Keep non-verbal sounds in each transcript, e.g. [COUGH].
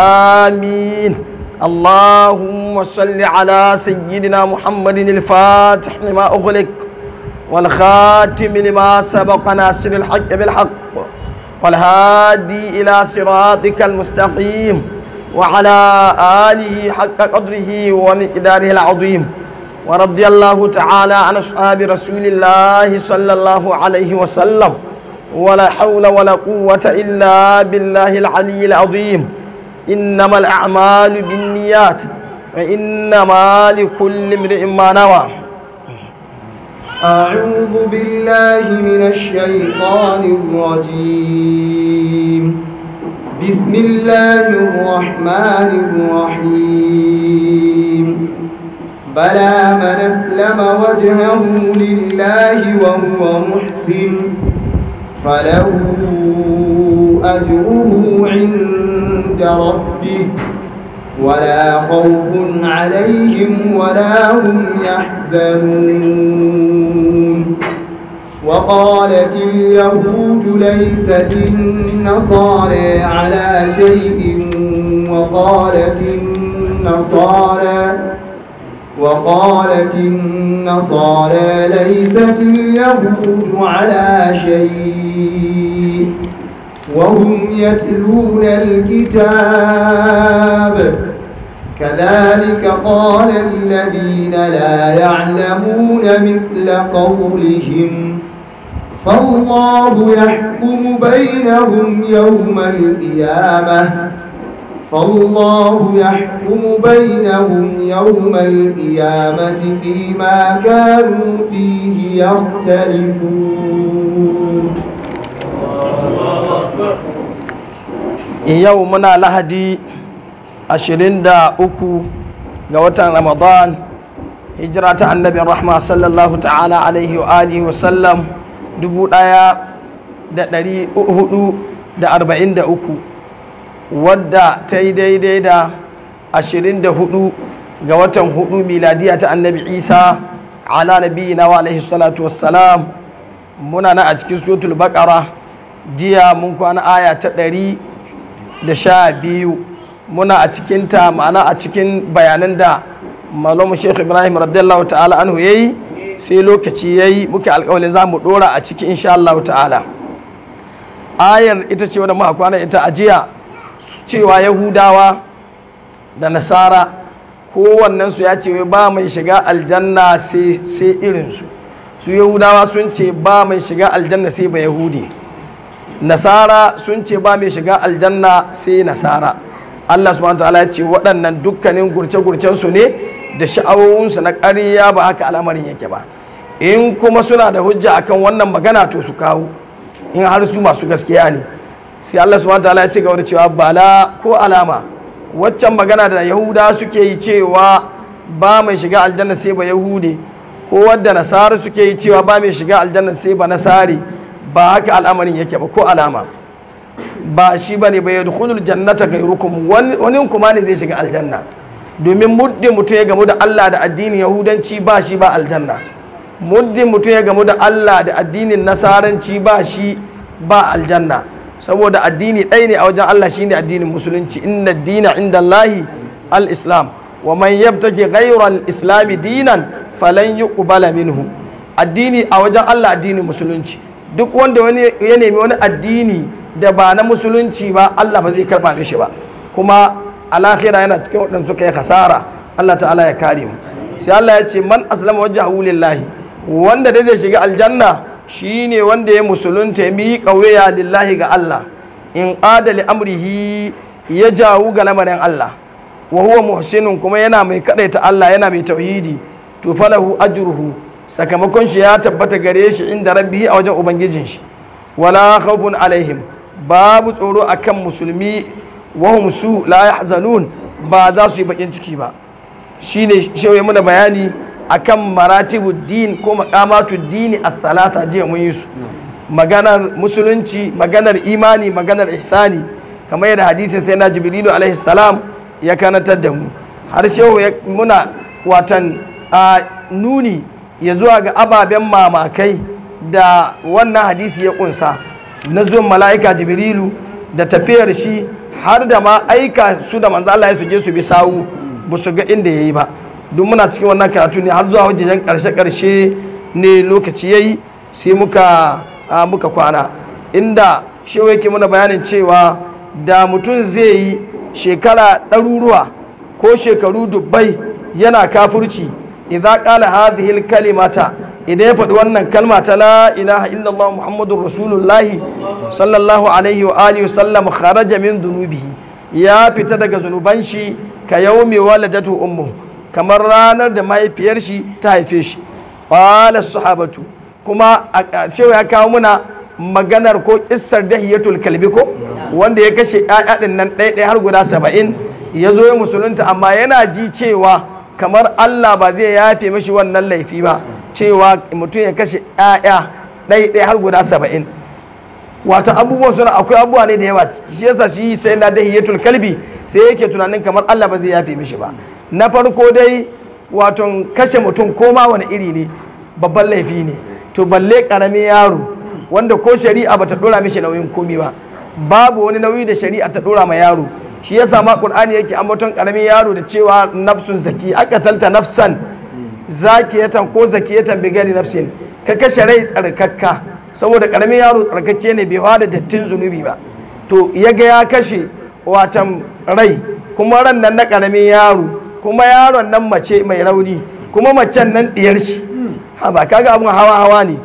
آمين اللهم صل على سيدنا محمد الفاتح لما أغلق والخاتم لما سبق ناصر الحق بالحق والهادي إلى صراطك المستقيم وعلى آله حق قدره ومقداره العظيم ورضي الله تعالى عن أصحاب رسول الله صلى الله عليه وسلم ولا حول ولا قوة إلا بالله العلي العظيم إنما الأعمال بالنيات وإنما لكل امرئ ما نوى أعوذ بالله من الشيطان الرجيم بسم الله الرحمن الرحيم بلى من أسلم وجهه لله وهو محسن فله أجره عند ربه ولا خوف عليهم ولا هم يحزنون وقالت اليهود ليست النصارى على شيء وقالت النصارى وقالت النصارى ليست اليهود على شيء وهم يتلون الكتاب كذلك قال الذين لا يعلمون مثل قولهم فالله يحكم بينهم يوم القيامة فالله يحكم بينهم يوم القيامة فيما كانوا فيه يختلفون yau muna lahadi 23 ga watan ramadan hijira ta annabin rahma sallallahu ta'ala alaihi wa alihi wasallam 1443 wadda ta yi daidai da 24 ga watan hudu miladiya ta annabi isa ala nabi na wa alaihi salatu wassalam muna na a cikin suratul bakara jiya mun kwana aya ta ɗari. da sha biyu muna a cikinta ma'ana a cikin bayanan da malamu sheikh ibrahim radiyallahu ta'ala anhu ya yi sai lokaci ya yi muke alkawalin za mu dora a ciki insha Allah ta'ala ayar ita ce wadda muka kwana ita ajiya cewa yahudawa da nasara su ya ce ba mai shiga aljanna sai irinsu su yahudawa sun ce ba mai shiga aljanna sai ba yahudi nasara sun ce ba mai shiga aljanna sai nasara Allah subhanahu ta'ala ya ce waɗannan dukkanin gurce-gurcen su ne da sha'awunsu na ƙarya ba haka al'amarin yake ba in kuma suna da hujja akan wannan magana to su kawo in har su masu gaskiya ne sai Allah subhanahu ta'ala ya ce ga wani cewa bala ko alama waccan magana da yahuda suke yi cewa ba mai shiga aljanna sai ba yahude ko wadda nasara suke yi cewa ba mai shiga aljanna sai ba nasari ba haka al'amarin yake ba ko alama ba shi bane bai yadkhulul jannata ghayrukum wani kuma ne zai shiga aljanna domin muddin mutum ya gamu da Allah da addinin yahudanci ba shi ba aljanna muddin mutum ya gamu da Allah da addinin nasaranci ba shi ba aljanna saboda addini ɗaya ne a wajen Allah shine addinin musulunci inna dina inda Allahi al-islam wa man yabtaki ghayra al islami dinan falan yuqbala minhu addini a wajen Allah addinin musulunci duk wanda ya nemi wani addini da ba na musulunci ba Allah ba zai karba mishi ba kuma alakhira yana cikin wadanda suka yi kasara Allah ta'ala ya kare mu sai Allah ya ce man aslama wajhahu lillahi wanda da zai shiga aljanna shine wanda ya musulunta mi kauya lillahi ga Allah in qada li amrihi ya jawu ga lamarin Allah wa huwa muhsinun kuma yana mai kadaita Allah yana mai tauhidi to falahu ajruhu sakamakon shi ya tabbata gare shi inda rabbi a wajen ubangijin shi wala khawfun alaihim babu tsoro akan musulmi wahum su la yahzanun ba za su yi bakin ciki ba shine shewe muna bayani akan maratibu din ko maqamatu dini at-thalatha je mun yi su maganar musulunci maganar imani maganar ihsani kamar yadda hadisi sai na jibrilu alaihi salam ya kanatar da mu har shewe muna watan a nuni ya zuwa ga ababen mamakai da wannan hadisi ya kunsa na zuwan mala'ika jibrilu da tafiyar shi har da ma aika su da manzo Allah ya suje su bi sawu ba su ga inda yayi ba duk muna cikin wannan karatu ne har zuwa wajen karshe karshe ne lokaci yayi sai muka muka kwana inda shi yake muna bayanin cewa da mutum zai yi shekara ɗaruruwa ko shekaru dubbai yana kafurci idza qala hadhihi alkalimata idan ya faɗi wannan kalma ta la ilaha illallah muhammadur rasulullah sallallahu alaihi wa alihi sallam kharaja min dhunubihi ya fita daga zunuban shi ka yaumi waladatu ummu kamar ranar da mahaifiyar shi ta haife shi qala sahabatu kuma a cewa ya kawo muna maganar ko kissar dahiyatul kalbi ko wanda ya kashe ƴaƴa nan ɗaya har guda saba'in ya zo ya musulunta amma yana ji cewa kamar Allah ba zai yafe mashi wannan laifi ba cewa mutum ya kashe 'ya'ya ɗai ɗai har guda saba'in wata abubuwan suna akwai abubuwa ne da yawa shi yasa shi sai na dahiyatul kalbi sai yake tunanin kamar Allah ba zai yafe mashi ba na farko dai wato kashe mutum ko ma wani iri ne babban laifi ne to balle karamin yaro wanda ko shari'a bata dora mashi nauyin komi ba babu wani nauyi da shari'a ta dora ma yaro shi yasa ma qur'ani yake ambaton karamin yaro da cewa nafsun zaki aka talta nafsan zakiyatan ko zakiyatan bi gari nafsin ka kashe rai tsarkakka saboda karamin yaro tsarkakke ne bai fara dattin zunubi ba to ya ga ya kashe watan rai kuma ran nan na karamin yaro kuma yaron nan mace mai rauni kuma macen nan diyar shi ha ba kaga abun hawa hawa ne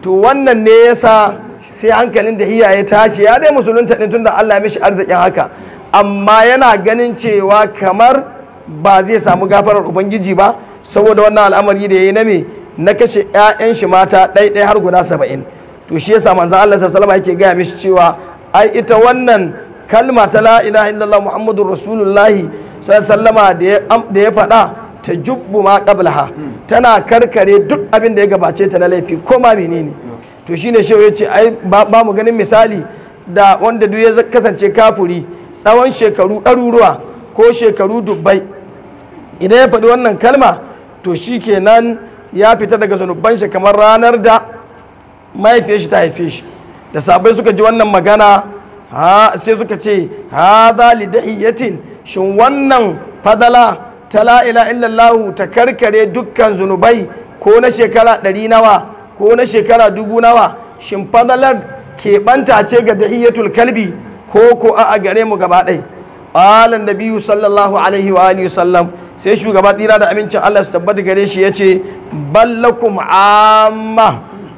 to wannan ne yasa sai hankalin da hiyaye tashi ya dai musulunta ne tunda Allah ya mishi arzikin haka amma yana ganin cewa kamar ba zai samu gafarar ubangiji ba saboda wannan al'amari da ya yi na me na kashe 'ya'yan shi mata ɗaiɗai har guda saba'in to shi yasa manzo Allah sallallahu yake gaya mishi cewa ai ita wannan kalma ta la ilaha illallah muhammadur rasulullahi sallallahu da ya faɗa ta jubbu ma qablaha tana karkare duk abin da ya gabace ta na laifi ko ma menene to shine ya yace ai ba mu ganin misali da wanda duk ya kasance kafuri tsawon shekaru ɗaruruwa ko shekaru dubbai idan ya faɗi wannan kalma to shi kenan ya fita daga zunuban shi kamar ranar da mahaifiyar shi ta haife shi da sabai suka ji wannan magana sai suka ce ha za lidahiyatin shin wannan fadala ta la'ila illallahu ta karkare dukkan zunubai ko na shekara ɗari nawa ko na shekara dubu nawa shin fadalar keɓanta ce ga dahiyatul kalbi ko ko a gare mu gaba ɗai alan da biyu sallallahu alaihi wa alihi sallam sai shugaba tsira da amincin Allah su tabbata gare shi ya ce ballakum amma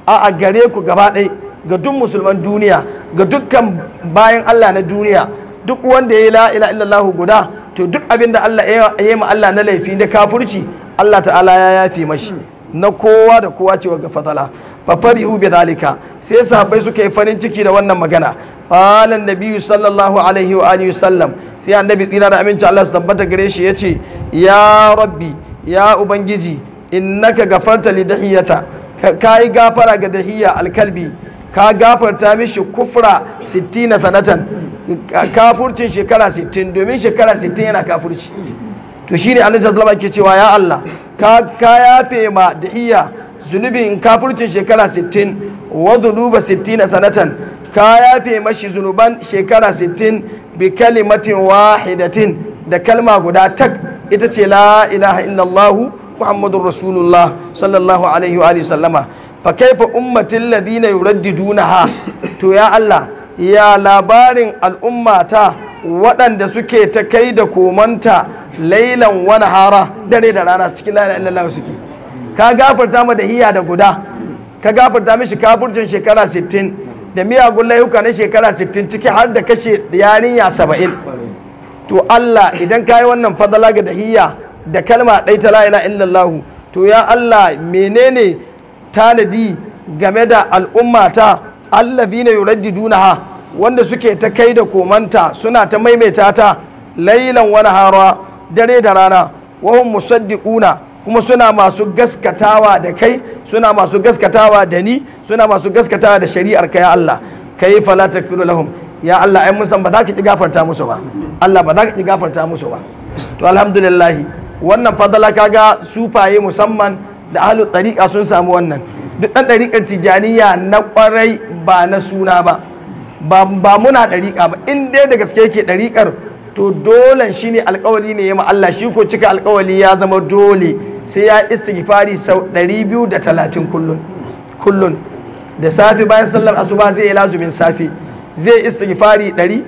a gare ku gaba ɗai ga duk musulman duniya ga dukkan bayan Allah na duniya duk wanda ya yi la'ila illallahu guda to duk abin da Allah ya yi ma Allah na laifi da kafurci Allah ta'ala ya yafe mashi na kowa da kowa cewa ga fatala fafarihu bi zalika sai sahabbai suka yi farin ciki da wannan magana qala nabiyyu sallallahu alaihi wa alihi sallam sai annabi tsira da aminci Allah su tabbata gare shi yace ya rabbi ya ubangiji innaka gafarta li dahiyata ka yi gafara ga dahiya alkalbi ka gafarta mishi kufra 60 sanatan kafurcin shekara 60 domin shekara 60 yana kafurci to shine annabi sallallahu alaihi wa cewa ya Allah ka ka yafe ma dahiya zunubin kafircin shekara 60 wa duba 60 sanatan ka yafe mashi zunuban shekara 60 bi kalimatin wahidatin da kalma guda tak ita ce la ilaha illallah muhammadur rasulullah sallallahu alaihi wa sallama fa kaifa ummatin ladina ha to ya Allah ya labarin al'ummata waɗanda suke ta kai da komanta lailan wani hara dare da rana cikin la ilaha illallah suke ka gafarta ma da hiya da guda ka gafarta mishi kafurcin shekara 60 da miyagun layuka na shekara 60 ciki har da kashe yarinya saba'in. to Allah idan ka yi wannan fadala ga dahiya da kalma ɗai ta la'ila illallahu to ya Allah menene tanadi game da al'ummata allazina ha wanda suke ta kai da komanta suna ta maimaita ta lailan wani hara dare da rana musaddi musaddiquna kuma suna masu gaskatawa da kai suna masu gaskatawa da ni suna masu gaskatawa da shari'ar ka ya Allah kai fala takfiru lahum ya Allah ai mun ba za ka ki gafarta musu ba Allah ba za ka ki gafarta musu ba to alhamdulillah wannan fadala kaga sufaye musamman da ahlul tariqa sun samu wannan duk dan tariqar tijaniya na kwarai ba na suna ba ba muna tariqa ba in dai da gaske yake tariqar to shi shine alkawali ne ya Allah shi ko cika alkawali ya zama dole sai ya istighfari sau 230 kullun kullun da safe bayan sallar asuba zai yi lazumin safe zai istighfari 100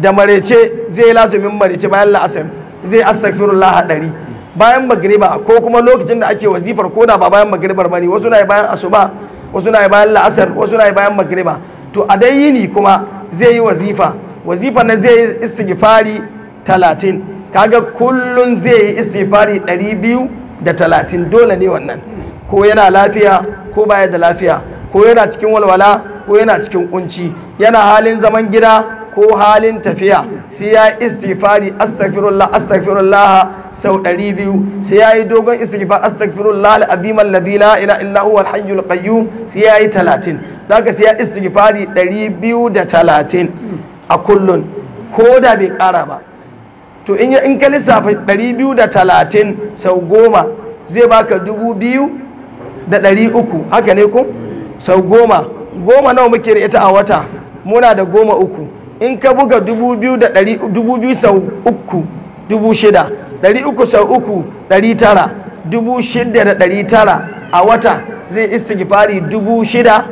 da marece zai yi lazumin marece bayan la'asar zai astaghfirullah 100 bayan magriba ko kuma lokacin da ake wazifar da ba bayan magribar bane wasu na yi bayan asuba wasu na bayan la'asar wasu na yi bayan magriba to a dai yini kuma zai yi wazifa wazifa na zai yi istighfari talatin kaga kullun zai yi istighfari ɗari biyu da talatin dole ne wannan ko yana lafiya ko baya da lafiya ko yana cikin walwala ko yana cikin kunci yana halin zaman gida ko halin tafiya sai ya istighfari astaghfirullah astaghfirullah sau 200 biyu sai ya yi dogon istighfar astaghfirullah al-azim alladhi la ilaha illa huwa al-hayyul qayyum sai ya yi talatin daga sai ya istighfari ɗari biyu da talatin a kullun ko da bai ƙara ba to in ka lissafa 230 sau goma zai baka 2,300 haka ne ku? sau goma goma nawa muke da ita a wata muna da goma uku in ka buga 2,000 sau uku dubu shida ɗari uku sau uku ɗari tara dubu shida da ɗari tara a wata zai istigifari dubu shida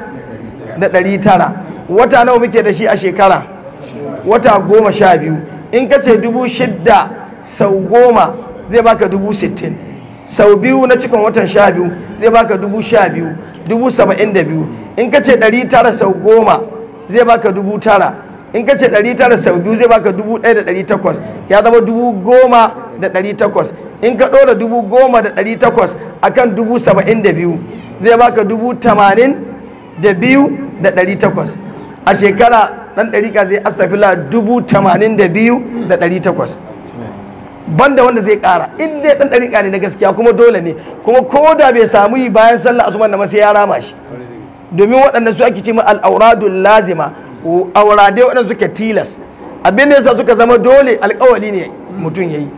da ɗari tara wata nawa muke da shi a shekara wata goma sha biyu in ka ce dubu shidda sau goma zai baka dubu sittin sau biyu na cikin watan sha biyu zai baka dubu sha biyu dubu saba'in da biyu in ka ce ɗari tara sau goma zai baka dubu tara in ka ce ɗari tara sau biyu zai baka dubu ɗaya da ɗari takwas ya zama dubu goma da ɗari takwas in ka ɗora dubu goma da ɗari takwas akan dubu saba'in da biyu zai baka dubu tamanin da biyu da ɗari takwas a shekara dan dariƙa zai astafila dubu tamanin da biyu da ɗari takwas banda wanda zai ƙara in dai ɗan ɗariƙa ne na gaskiya kuma dole ne kuma ko da bai samu yi bayan sallah asuman da masu yara rama shi domin waɗanda su ake ce ma al'auradun lazima auradai waɗanda suke tilas abin da yasa suka zama dole alƙawali ne mutum ya yi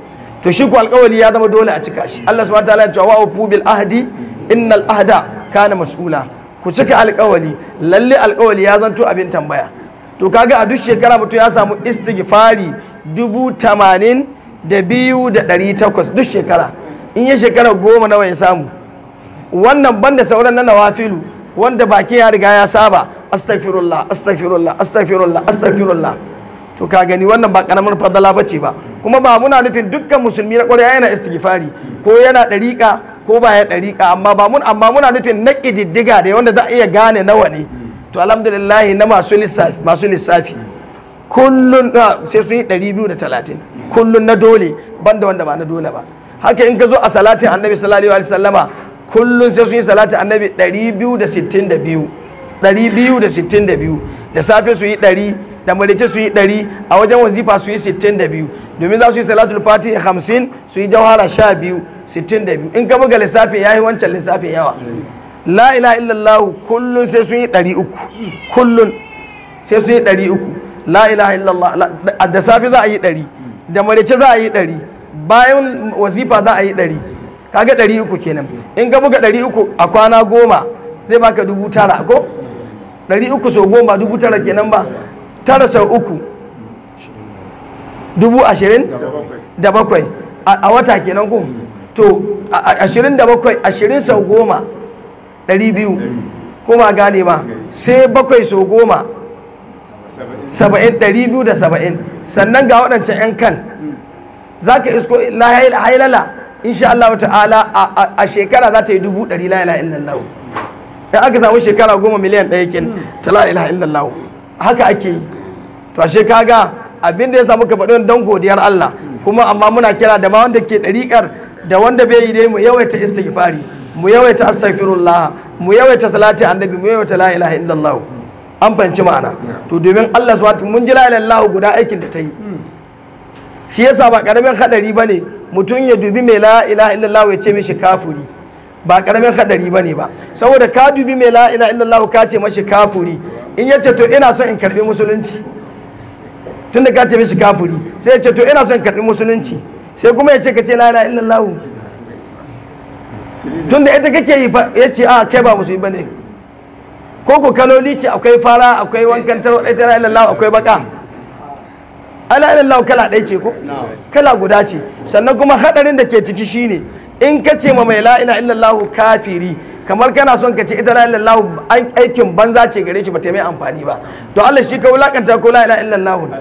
to shi ko alƙawali ya zama dole a cika shi Allah subhanahu wataala ya ce wa ufu bil ahdi innal ahda kana mas'ula ku cika alƙawali lalle alƙawali ya zanto abin tambaya to kaga a duk shekara mutum ya samu istighfari dubu tamanin da biyu da ɗari takwas duk shekara in ya shekara goma nawa ya samu wannan banda sauran na nawafilu wanda baki ya riga ya saba astaghfirullah astaghfirullah astaghfirullah astaghfirullah to ka gani wannan ba karamar fadala bace ba kuma ba muna nufin dukkan musulmi na ƙwarya yana istighfari ko yana ɗariƙa ko ba ya ɗariƙa amma ba mun amma muna nufin na ƙididdiga da wanda za a iya gane nawa ne to alhamdulillah na masu lissafi masu lissafi kullun sai su yi 230 kullun na dole banda wanda ba na dole ba haka in ka zo a salatin annabi sallallahu alaihi wasallama kullun sai sun yi salatin annabi 262 262 da safe su yi 100 da malice su yi 100 a wajen wazifa su yi 62 domin za su yi salatul fati 50 su yi jawhara 12 62 in ka buga lissafi yayi wancan lissafin yawa la ila illallah kullun sai sun yi ɗari uku kullun sai sun yi ɗari uku la ila illallah da safi za a yi ɗari da marice za a yi ɗari bayan wazifa za a yi ɗari kaga ɗari uku kenan in ga buga ɗari uku a kwana goma zai baka dubu tara ko ɗari uku sau goma dubu tara kenan ba tara sau uku dubu ashirin da bakwai a wata kenan ku to ashirin da bakwai ashirin sau goma ɗari biyu ko ba gane ba sai bakwai so goma saba'in ɗari biyu da saba'in sannan ga waɗancan 'yan kan hmm. za ka isko hailala insha Allah ta'ala a shekara za ta yi dubu ɗari la ilaha illallah dan aka samu shekara goma miliyan ɗaya kin hmm. ta la ilaha illallah haka ake yi to a shekara, abin da ya samu ka don godiyar Allah hmm. kuma amma muna kira da ma wanda ke ɗariƙar da wanda bai yi dai mu yawaita istighfari mu yawaita astaghfirullah mu yawaita salati annabi mu yawaita la ilaha illallah an fahimci ma'ana to domin Allah zuwa mun ji la ilaha illallah guda aikin da ta yi shi yasa ba karamin hadari bane mutum ya dubi mai la ilaha illallah ya ce mishi kafuri ba karamin hadari bane ba saboda ka dubi mai la ilaha illallah ka ce mashi kafuri in ya ce to ina son in karbi musulunci tunda ka ce mishi kafuri sai ya ce to ina son in karbi musulunci sai kuma ya ce ka ce la ilaha illallah tun da ita kake yi ya ce a ah, kai ba musulmi ba ne ko ku kaloli ce akwai fara akwai wankan ta wadai tana lawa akwai baka ala ilallahu kala ɗaya ce ko kala guda ce sannan kuma hadarin da ke ciki shine in ka ce ma mai la ila lawa kafiri kamar kana son ka ce ita la an aikin banza ce gare shi ba ta mai amfani ba to Allah shi ka wulakanta ko la ila lawa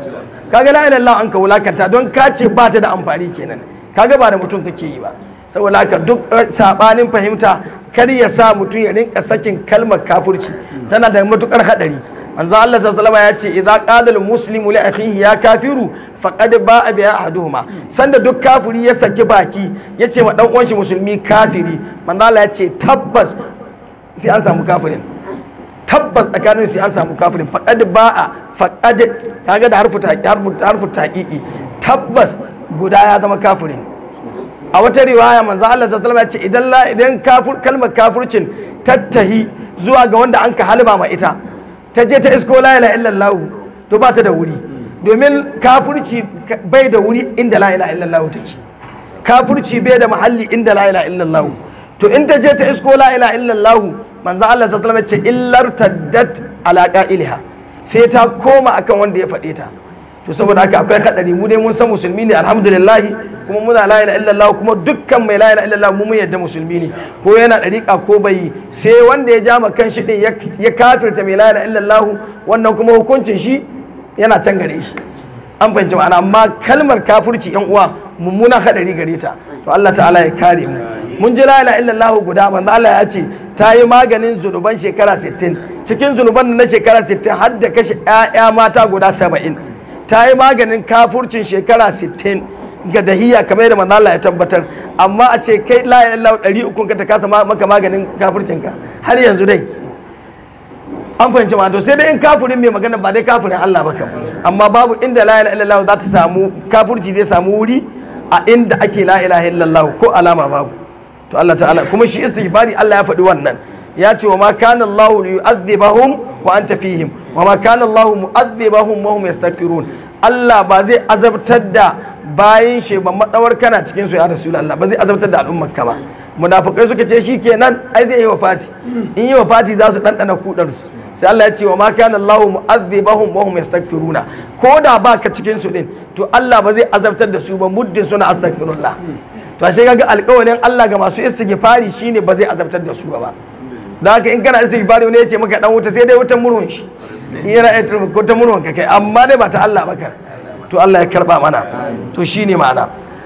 kaga la lawa an ka wulakanta don ka ce ba ta da amfani kenan kaga ba da mutum kake yi ba saboda haka duk eh, sabanin fahimta kar ya sa mutum ya rinka sakin kalmar kafirci tana da matukar hadari manzo Allah sallallahu ya ce idza qala al muslimu li akhihi ya kafiru faqad ba'a bi ahaduhuma sanda duk kafiri ya saki baki ya ce wa dan uwan shi musulmi kafiri manzo Allah ya ce tabbas sai an samu kafirin tabbas tsakanin sai an samu kafirin faqad ba'a faqad kaga da harfu harfu taqiqi tabbas guda ya zama kafirin a wata riwaya manzo Allah sallallahu alaihi ya ce idan la idan kalmar kafircin tattahi zuwa ga wanda an ka halba ma ita ta je ta isko la ilaha illallah to ba ta da wuri domin kafirci bai da wuri inda la ilaha illallah take kafirci bai da mahalli inda la ilaha illallah to in ta je ta isko la ilaha illallah manzo Allah sallallahu alaihi ya ce illar taddat ala qa'ilha sai ta koma akan wanda ya faɗe ta to saboda haka akwai kadari mu dai mun san musulmi ne alhamdulillah kuma muna la ilaha illallah kuma dukkan mai la ilaha illallah mu mun yadda musulmi ne ko yana dariƙa ko bai sai wanda ya ja kan shi din ya kafirta mai la ilaha illallah wannan kuma hukuncin shi yana can gare shi an fahimci ma'ana amma kalmar kafirci yan uwa mummuna hadari gare ta to Allah ta'ala ya kare mu mun ji la ilaha illallah guda manzo Allah ya ce ta yi maganin zunuban shekara 60 cikin zunuban na shekara 60 har da kashe 'ya'ya mata guda 70 ta yi maganin kafurcin shekara 60 ga dahiya kamar yadda manzo Allah ya tabbatar amma a ce kai la ilaha illallah 300 ka ta kasa maka maganin kafurcin ka har yanzu dai an fahimci ma to sai dai in kafirin mai magana ba dai kafirin Allah ba kam amma babu inda la ilaha illallah za ta samu kafurci zai samu wuri a inda ake la ilaha illallah ko alama babu to Allah ta'ala kuma shi istighfari Allah ya faɗi wannan ya ce wa ma kana Allah yu'adhibahum wa anta fihim wa ma kana Allah mu'adhibahum wa hum yastaghfirun Allah ba zai azabtar da bayin shi ba madawar kana cikin su ya Allah. ba zai azabtar da al'ummar ka ba munafikai suka ce shi kenan ai zai yi wa fati in yi wa fati za su ɗanɗana kudar su sai Allah ya ce wa ma kana Allahu mu'adhibahum wa hum yastaghfiruna ko da ba ka cikin su din to Allah ba zai azabtar da su ba muddin suna astaghfirullah to ashe kaga alƙawarin Allah ga masu istighfari shine ba zai azabtar da su ba da haka in kana istighfari wani ya ce maka dan wuta sai dai wutan murhun shi yana wutan murwan ka kai amma dai ba ta Allah ba to Allah ya karba mana to shine ma'ana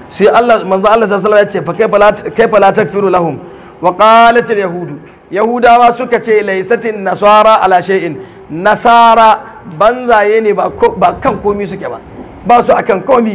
sai Allah manzo Allah sallallahu alaihi wasallam ya ce fa kaifa la takfiru lahum wa qalat al yahud yahudawa suka ce laysatin nasara ala shay'in nasara banzaye ne ba kan komi suke ba ba su akan komi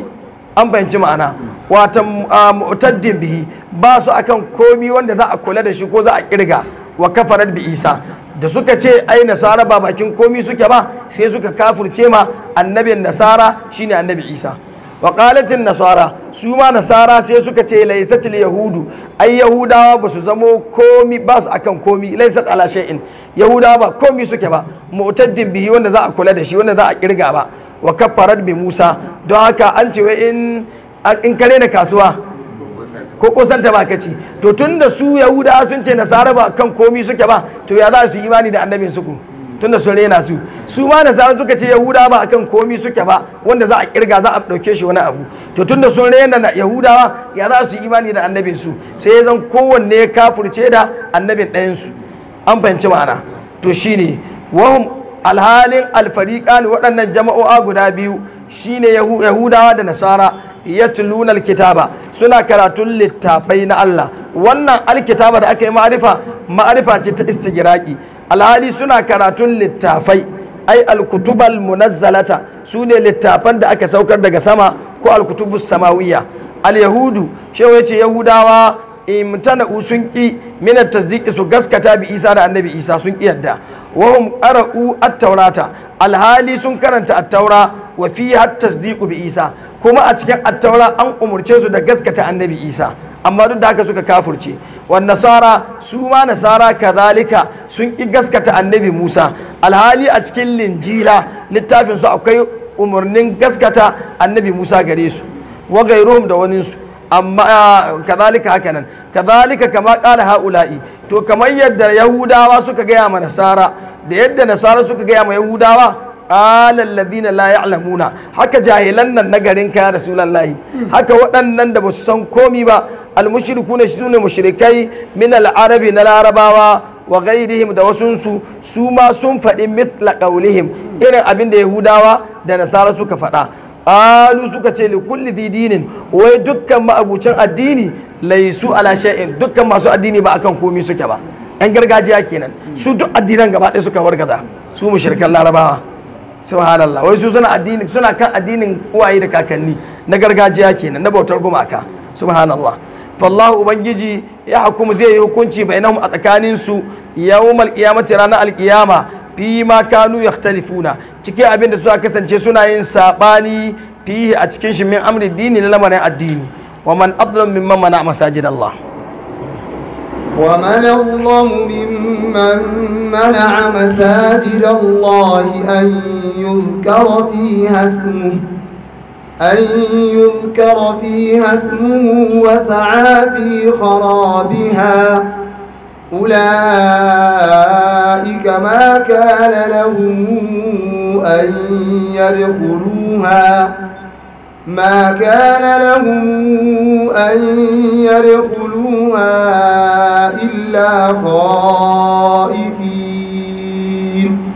an fahimci ma'ana watan ah, mu'taddin bihi ba su akan komi wanda za a kula da shi ko za a kirga wa kafarat bi isa da suka ce ai nasara ba bakin komi suke ba sai suka kafirce ma annabin nasara shine annabi isa wa qalatin nasara su ma nasara sai suka ce laisatil yahudu ai yahudawa ba su zamo komi ba su akan komi laisat ala shay'in yahudawa ba komi suke ba mu'taddin bihi wanda za a kula da shi wanda za a kirga ba wa kafarat bi musa don haka an ce in in kare na kasuwa ko kosanta ba ka to tun da su Yahuda sun ce nasara ba kan komi suke ba to ya za su yi imani da annabin su tun da sun rena su su ma nasara suka ce Yahuda ba kan komi suke ba wanda za a kirga za a dauke shi wani abu to tun da sun rena yahuda ya za su yi imani da annabin su sai zan kowanne ya kafurce da annabin ɗayan su an fahimci ma'ana to shine wahum alhalin alfariqan ne waɗannan jama'a guda biyu shine yahudawa da nasara tulunar kitaba suna karatun littafai na Allah wannan alkitaba da aka yi ma'arifa ma'arifa ce ta istigiraki alhali suna karatun littafai ai alkutubal munazzalata su ne littafan da aka saukar daga sama ko alkutubus samawiya alyahudu shewa yace yahudawa imtana sun ƙi minar tasdiki su gaskata bi isa da annabi isa sun ƙi yadda wahum ƙara'u at-taurata alhali sun karanta at-taura wa fi tasdiqu bi isa kuma a cikin attaura an umurce su da gaskata annabi isa amma duk da haka suka kafurce wa nasara su ma nasara kadalika sun ki gaskata annabi musa alhali a cikin linjila littafin su akwai umurnin gaskata annabi musa gare su wa gairuhum da waninsu amma haka nan kadalika kama qala haula'i to kamar yadda yahudawa suka gaya ma nasara da yadda nasara suka gaya ma yahudawa qala la ya'lamuna haka jahilan nan na garin ka rasulullahi haka waɗannan da basu san komi ba ne sune mushrikai min al-arabi na larabawa wa ghairihim da wasunsu su ma sun faɗi mithla qawlihim irin abin da yahudawa da nasara suka faɗa alu suka ce li kulli dinin wai dukkan ma'abucin addini laisu ala shay'in dukkan masu addini ba akan komi suke ba yan gargajiya kenan su duk addinan gaba ɗaya suka wargaza su mushrikan larabawa subhanallah wai su suna addini suna kan addinin uwaye da kakanni na gargajiya kenan na bautar gumaka subhanallah fallahu ubangiji ya hukumu zai yi hukunci bainahum a tsakanin su yawmal qiyamati rana alqiyama fi ma kanu yakhtalifuna cikin abin da suka kasance suna yin sabani fi a cikin shi min amri dini na lamarin addini wa man adlam mimman mana masajidallah Allah ومن الله ممن منع مساجد الله أن يذكر فيها اسمه أن يذكر فيها اسمه وسعى في خرابها أولئك ما كان لهم أن يدخلوها ما كان لهم أن يدخلوها إلا خائفين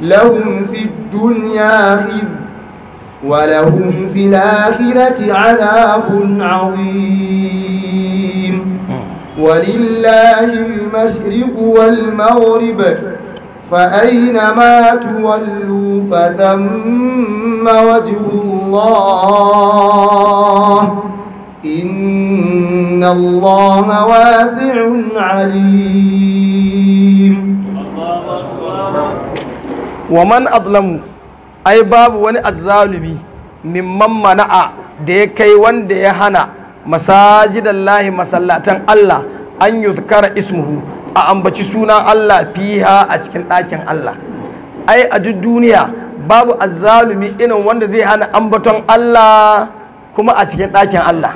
لهم في الدنيا خزي ولهم في الآخرة عذاب عظيم آه. ولله المشرق والمغرب فأينما تولوا فثم وجه الله إن الله واسع عليم ومن أظلم أي باب وني الظالمي ممن منع ديكي وان ديهانا مساجد الله hana الله أن يذكر اسمه a ambaci sunan Allah fiha a cikin ɗakin Allah ai a duk duniya babu azzalumi irin wanda zai hana ambaton Allah kuma a cikin ɗakin Allah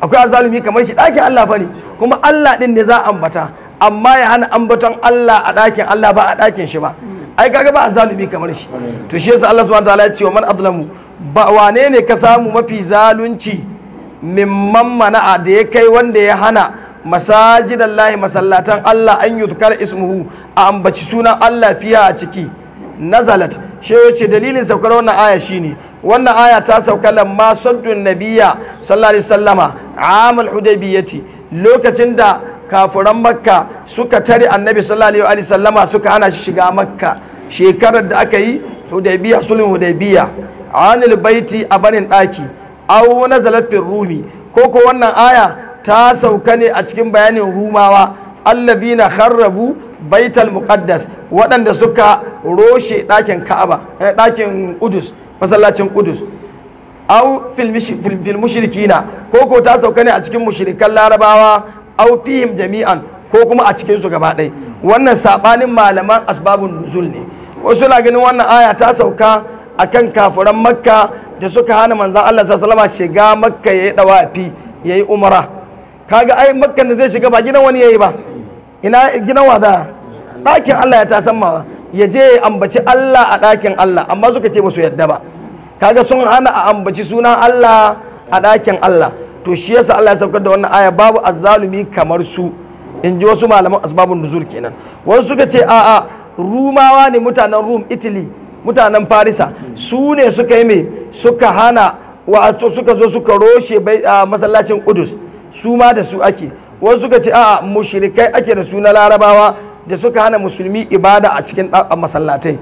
akwai azzalumi kamar shi ɗakin Allah fa ne kuma Allah ɗin ne za a ambata amma ya hana ambaton Allah a ɗakin Allah ba a ɗakin shi ba ai kaga ba azzalumi kamar shi to shi yasa Allah subhanahu wataala ya ce wa man azlamu ba wane ne ka samu mafi zalunci mimman mana'a da ya kai wanda ya hana masajidallahi masallatan Allah an yuzkar ismuhu a ambaci sunan Allah fiya a ciki nazalat she yace dalilin saukar wannan aya shine wannan aya ta sauka lamma saddun nabiyya sallallahu alaihi wasallama amal hudaybiyati lokacin da kafuran makka suka tare annabi sallallahu alaihi wasallama suka hana shi shiga makka shekarar da aka yi hudaybiya sulhun hudaybiya anil baiti a banin daki aw nazalat fir rumi ko wannan aya ta sauka ne a cikin bayanin rumawa dina kharrabu baital muqaddas waɗanda suka roshe ɗakin ka'aba eh, ɗakin udus masallacin udus au fil mushrikina ko ta sauka ne a cikin mushrikan larabawa au fihim jami'an ko kuma a cikin su gaba wannan saɓanin malaman asbabun nuzul ne wasu na ganin wannan aya ta sauka akan kafuran makka da suka hana manzan Allah sallallahu alaihi wasallam shiga makka yayi dawafi yayi umara kaga ai makkan da zai shiga ba gidan wani yayi ba ina gidan wada dakin Allah ya ta samma ya je ambaci Allah a dakin Allah amma suka ce ba su yadda ba kaga sun hana a ambaci sunan Allah a dakin Allah to shi yasa Allah ya saukar da wannan aya babu azzalumi kamar su in ji wasu malaman asbabun nuzul kenan wasu suka ce a'a rumawa ne mutanen rum italy mutanen farisa su ne suka yi mai suka hana wa suka zo suka roshe masallacin kudus su ma da su ake wasu suka ce a'a mushrikai ake da su na larabawa da suka hana musulmi ibada a cikin masallatai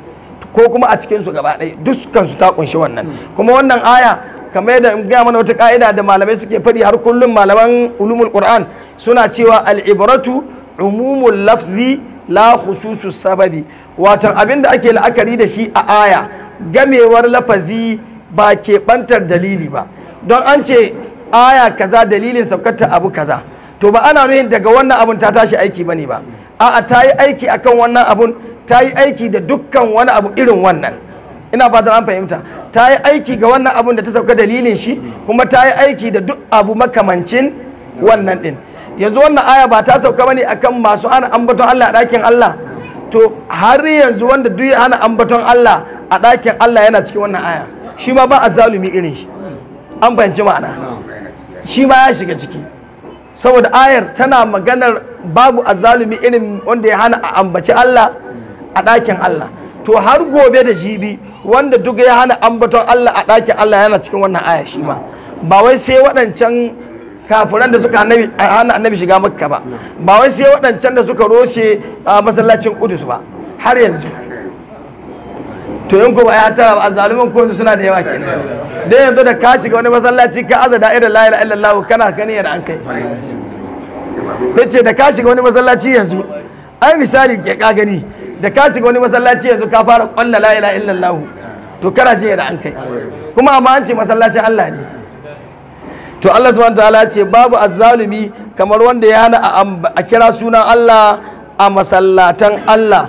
ko kuma a cikin su gaba ɗaya dukkan su ta kunshi wannan kuma wannan aya kamar yadda in gaya mana wata ka'ida da malamai suke faɗi har kullum malaman ulumul qur'an suna cewa al-ibratu umumul lafzi la khususus sababi watan abin da ake la'akari da shi a aya gamewar lafazi ba ke bantar dalili ba don an ce aya kaza dalilin saukarta abu kaza to ba ana nuhin daga wannan abun ta tashi aiki bane ba a'a ta yi aiki akan wannan abun ta yi aiki da dukkan wani abu irin wannan ina fatan an fahimta ta yi aiki ga wannan abun da ta sauka dalilin shi kuma ta yi aiki da duk abu makamancin wannan din yanzu wannan aya ba ta sauka bane akan masu ana ambaton Allah a ɗakin Allah to har yanzu wanda duk ya hana ambaton Allah a ɗakin Allah yana cikin wannan aya shi ma ba azalumi irin shi an fahimci ma'ana shi ma ya shiga ciki saboda ayar tana maganar babu azalumi irin wanda ya hana a ambaci Allah a ɗakin Allah to har gobe da jibi wanda duk ya hana ambaton Allah a ɗakin Allah yana cikin wannan aya shi ma ba wai sai waɗancan kafiran da suka hana annabi shiga makka ba ba wai sai waɗancan da suka roshe masallacin Qudus ba har yanzu to yan ko ai hatta azzaluman ko suna da yawa kenan dai yanzu da ka shiga wani masallaci ka aza da la ilaha illallah kana yadda an kai ce da ka shiga wani masallaci yanzu ai misali ke ka gani da ka shiga wani masallaci yanzu ka fara kwalla la ilaha illallah to kana jin yadda an kai kuma amma an ce masallacin Allah ne to Allah subhanahu ta'ala ce babu zalumi kamar wanda ya hana a kira sunan Allah a masallatan Allah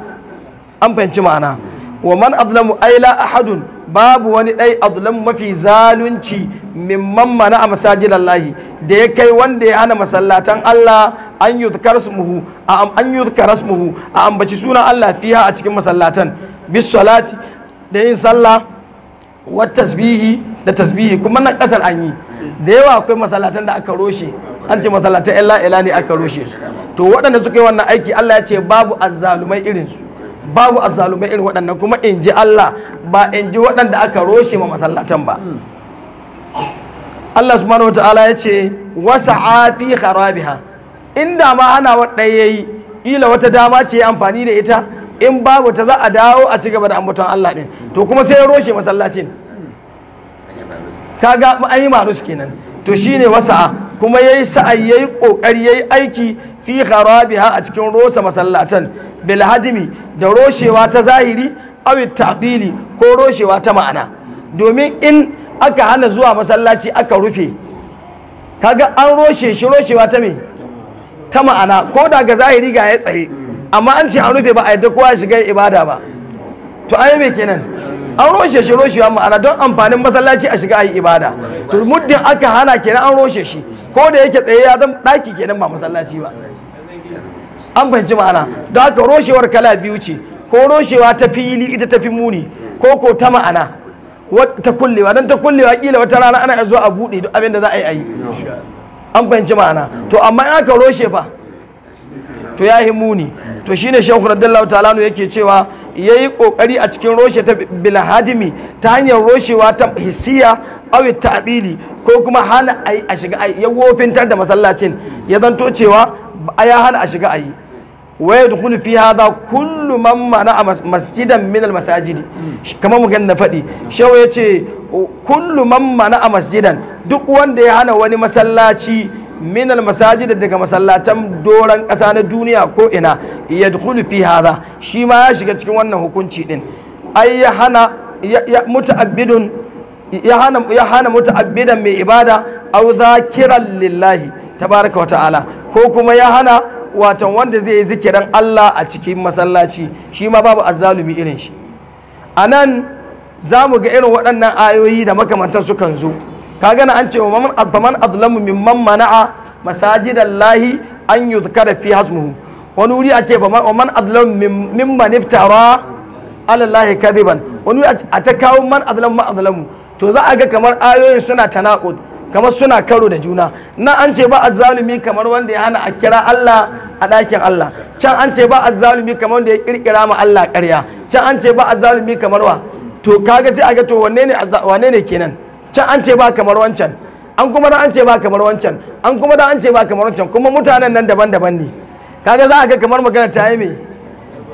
an fahimci ma'ana wa man azlamu aila ahadun babu wani dai azlam mafi zalunci mimman mana a masajin Allah, da ya kai wanda ya hana masallatan Allah an a am an yuzkar smuhu a ambaci sunan Allah fiha a cikin masallatan bis salati da yin sallah wa tasbihi da tasbihi kuma nan kasar an yi da yawa akwai masallatan da aka roshe an ce masallatan illa ila ne aka roshe su to waɗanda suka yi wannan aiki Allah ya ce babu azzalumai irin su babu azzalumai irin waɗannan kuma in ji Allah ba in ji waɗanda aka roshe ma masallatan ba Allah subhanahu wa ta'ala ya ce wasa afi kharabiha inda ma ana wadda yayi ila wata dama ce amfani da ita in babu ta za a dawo a ci gaba da ambaton Allah din to kuma sai ya roshe masallacin kaga ga yi marus kenan to shine wasa'a kuma yayi sa'ai yayi kokari yayi aiki fi kharabiha a cikin rosa masallatan bil hadimi da roshewa ta zahiri aw ta'dili ko roshewa ta ma'ana domin in aka hana zuwa masallaci aka rufe kaga an roshe shi roshewa ta me ta ma'ana ko da ga zahiri ga ya tsaye amma an ce an rufe ba a yadda kowa shiga ibada ba to ai me kenan an roshe shi roshewa ma'ana don amfanin masallaci a shiga ayi ibada to muddin aka hana kenan an roshe shi ko da yake tsaye ya zama daki kenan ba masallaci ba an fahimci ma'ana don haka roshewar kala biyu ce ko roshewa ta fili ita ta fi muni ko ko ta ma'ana ta kullewa don ta kullewa kila wata rana ana zuwa a buɗe duk abin da za a yi a yi an fahimci ma'ana to amma in aka roshe fa to ya yi muni to shine shekhu radiyallahu ta'ala yake cewa ya yi ƙoƙari a cikin roshe ta bilhadimi ta hanyar roshewa ta hisiya awi abili ko kuma hana a a shiga yi ya wofintar da masallacin ya zanto cewa ya hana a shiga a yi. ayi da yadkhulu fi haza kullu man mana masjidan min al masajidi kamar mugan na faɗi shawo yace kullu man a masjidan duk wanda ya hana wani masallaci minal masajid daga masallatan doron ƙasa na duniya ko ina yadkhulu fi hadha shi ma ya shiga cikin wannan hukunci din ai ya hana muta'abbidun ya hana ya hana muta'abbidan mai ibada aw zakiran lillahi tabaraka wa ko kuma ya hana watan wanda zai yi zikiran Allah a cikin masallaci shi ma babu azzalumi irin shi anan za mu ga irin waɗannan ayoyi da makamantar sukan zo ka gana an ce wa man azman azlamu mimman mana'a masajidallahi an yuzkara fi hasmuhu wani wuri a ce ba man azlamu mimman iftara ala allahi kadiban wani wuri a ta kawo man azlamu ma azlamu to za a ga kamar ayoyin suna tanaqud kamar suna karo da juna Na an ce ba azzalumi kamar wanda ya hana a kira Allah a ɗakin Allah can an ce ba azzalumi kamar wanda ya kirkira ma Allah ƙarya can an ce ba azzalumi kamar wa to kaga sai a ga to wanne ne wanne ne kenan can an ce ba kamar wancan an kuma da an ce ba kamar wancan an kuma da an ce ba kamar wancan kuma mutanen nan daban-daban ne kaga za a ga kamar magana ta yi me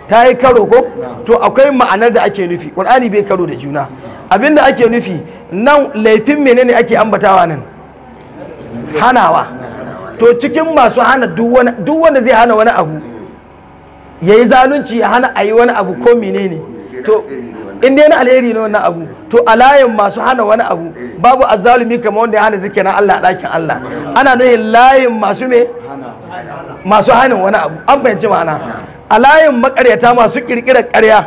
ta yi karo ko to akwai ma'anar da ake nufi qur'ani bai karo da juna Abin da ake nufi nan laifin menene ake ambatawa nan hanawa to cikin masu hana duk wanda zai hana wani abu ya yi zalunci ya hana a yi wani abu ko menene to in dai na alheri ne wannan abu to a layin masu hana wani abu babu azalumi kamar wanda ya hana na Allah a ɗakin Allah ana nuhin layin masu me masu hana wani abu an fahimci ma'ana a layin makaryata masu ƙirƙirar karya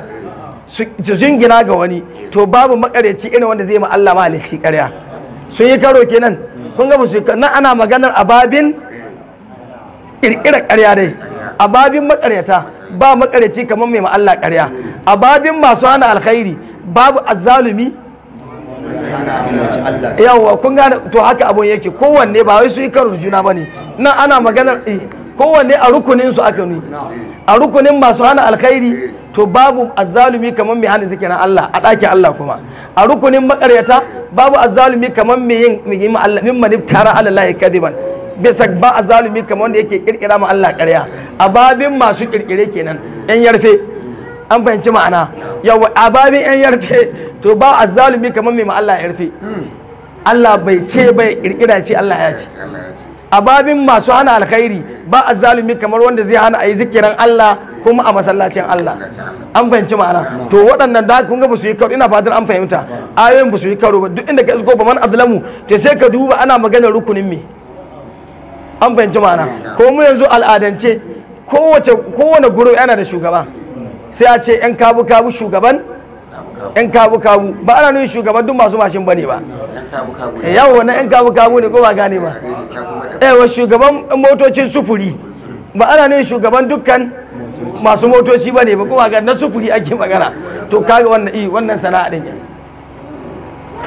su jingina ga wani to babu makaryaci irin wanda zai ma Allah mahalicci karya sun yi karo kenan kun ga musu nan ana maganar ababin ƙirƙirar karya dai ababin makaryata ba makaryaci kamar mai ma Allah karya ababin masu hana alkhairi babu azzalumi yawa kun gane to haka abun yake kowanne ba wai su yi karo juna ba ne nan ana maganar eh, kowanne a rukunin su aka nuni a rukunin masu hana alkhairi to babu azzalumi kamar mai hana na Allah a ɗakin Allah kuma a rukunin makaryata babu azzalumi kamar mai yin min tara allah kadiban bisa ba azzalumi kamar wanda yake kirkira ma Allah ƙarya a babin masu kirkire kenan yan yarfe an fahimci ma'ana yawa a babin yan yarfe to ba a zalumi kamar mai ma Allah ya yarfe hmm. Allah bai ce bai kirkira ce Allah ya ce a babin masu hana alkhairi ba a zalumi kamar wanda zai hana a yi zikiran Allah kuma a masallacin Allah an fahimci ma'ana to waɗannan da kun ga ba su yi karo ina fatan an fahimta ayoyin ba su yi karo ba duk inda ka isko ba man azlamu to sai ka duba ana maganar rukunin me an fahimci ma'ana ko mu yanzu al'adance kowace kowane guru yana da shugaba sai a ce yan kabu kabu shugaban yan kabu kabu ba ana nuna shugaban duk masu mashin bane ba eh, yawon na yan kabu kabu ne ko ba gane ba yawa eh, shugaban motocin sufuri ba ana nuna shugaban dukkan masu motoci bane ba ko ba gane na sufuri ake magana to kaga wannan i eh, wannan sana'a din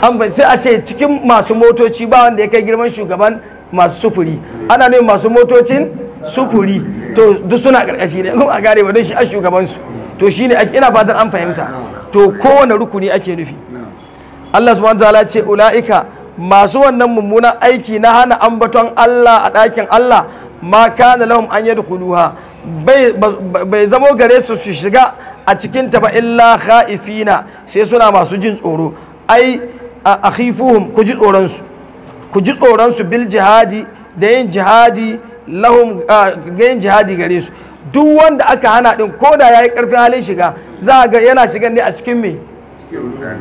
an bai sai a ce cikin masu motoci ba wanda ya kai girman shugaban masu sufuri ana nuna masu motocin sufuri to duk suna karkashi ne kuma a gane wa don shi a shugabansu to shine ina fatan an fahimta to kowane rukuni ake nufi Allah subhanahu ta'ala ce ula'ika masu wannan mummunan aiki na hana ambaton Allah a ɗakin Allah ma kana lahum an yadkhuluha bai bai zamo gare su su shiga a cikin ta ba illa kha'ifina sai suna masu jin tsoro ai akhifuhum ku ji tsoron su ku ji tsoron su bil jihadi da yin jihadi lahum yin jihadi gare su duk wanda aka hana din ko da yayi karfin halin shiga za ga yana shiga ne a cikin me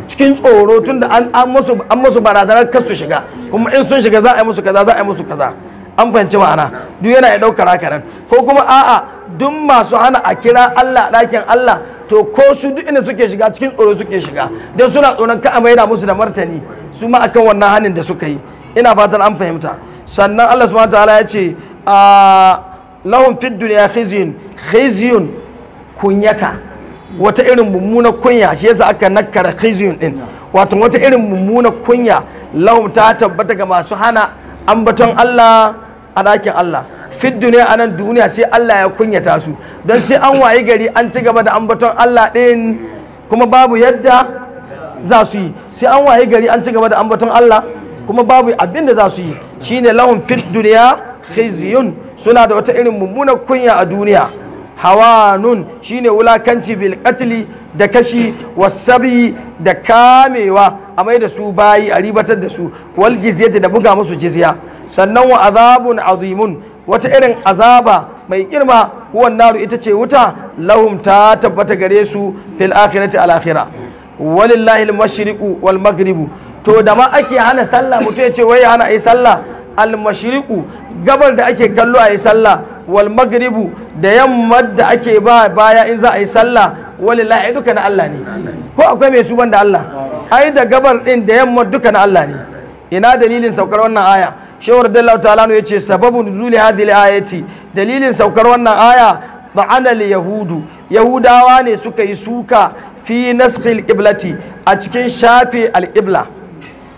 cikin tsoro tunda an an musu an musu barazanar kar su shiga kuma in sun shiga za a yi musu kaza za a yi musu kaza an fahimci ma'ana duk yana ya daukar haka ko kuma a'a duk masu hana a kira Allah ɗakin Allah to ko su duk inda suke shiga cikin tsoro suke shiga don suna tsoron ka a da musu da martani su ma akan wannan hanin da suka yi ina fatan an fahimta sannan Allah subhanahu wataala ya ce a ah, lahum fi duniya khizyun khizyun kunyata wata irin mummuna kunya shi yasa aka nakara khizyun din wato wata irin mummuna kunya lahum ta tabbata ga masu hana ambaton Allah a ɗakin Allah fi duniya anan duniya sai Allah ya kunyata su don sai an waye gari an ci gaba da ambaton Allah ɗin kuma babu yadda za su yi sai an waye gari an ci gaba da ambaton Allah kuma babu abin da za su yi shine lahum fi duniya khizyun suna da wata irin mummunar kunya a duniya hawanun shine wulakanci bil da kashi wasabi da kamewa a mai da su bayi a ribatar da su wal jizya da buga musu jizya sannan wa azabun azimun wata irin azaba mai girma huwan naru ita ce wuta lahum ta tabbata gare su fil akhirati al akhirah walillahi al mashriqu wal maghribu to da ma ake hana sallah mutum ya ce wai hana ai sallah almashriqu gabar da ake kallo a yi sallah wal magribu da yamma da ake ba baya in za a yi sallah walillahi duka na Allah ne ko akwai mai suban da Allah ai da gabar din da yamma duka na Allah ne ina dalilin saukar wannan aya shawar dallahu ta'ala ya ce sababu nuzuli hadhihi ayati dalilin saukar wannan aya ba'ana yahudu yahudawa ne suka yi suka fi naskhil qiblati a cikin shafi al-qibla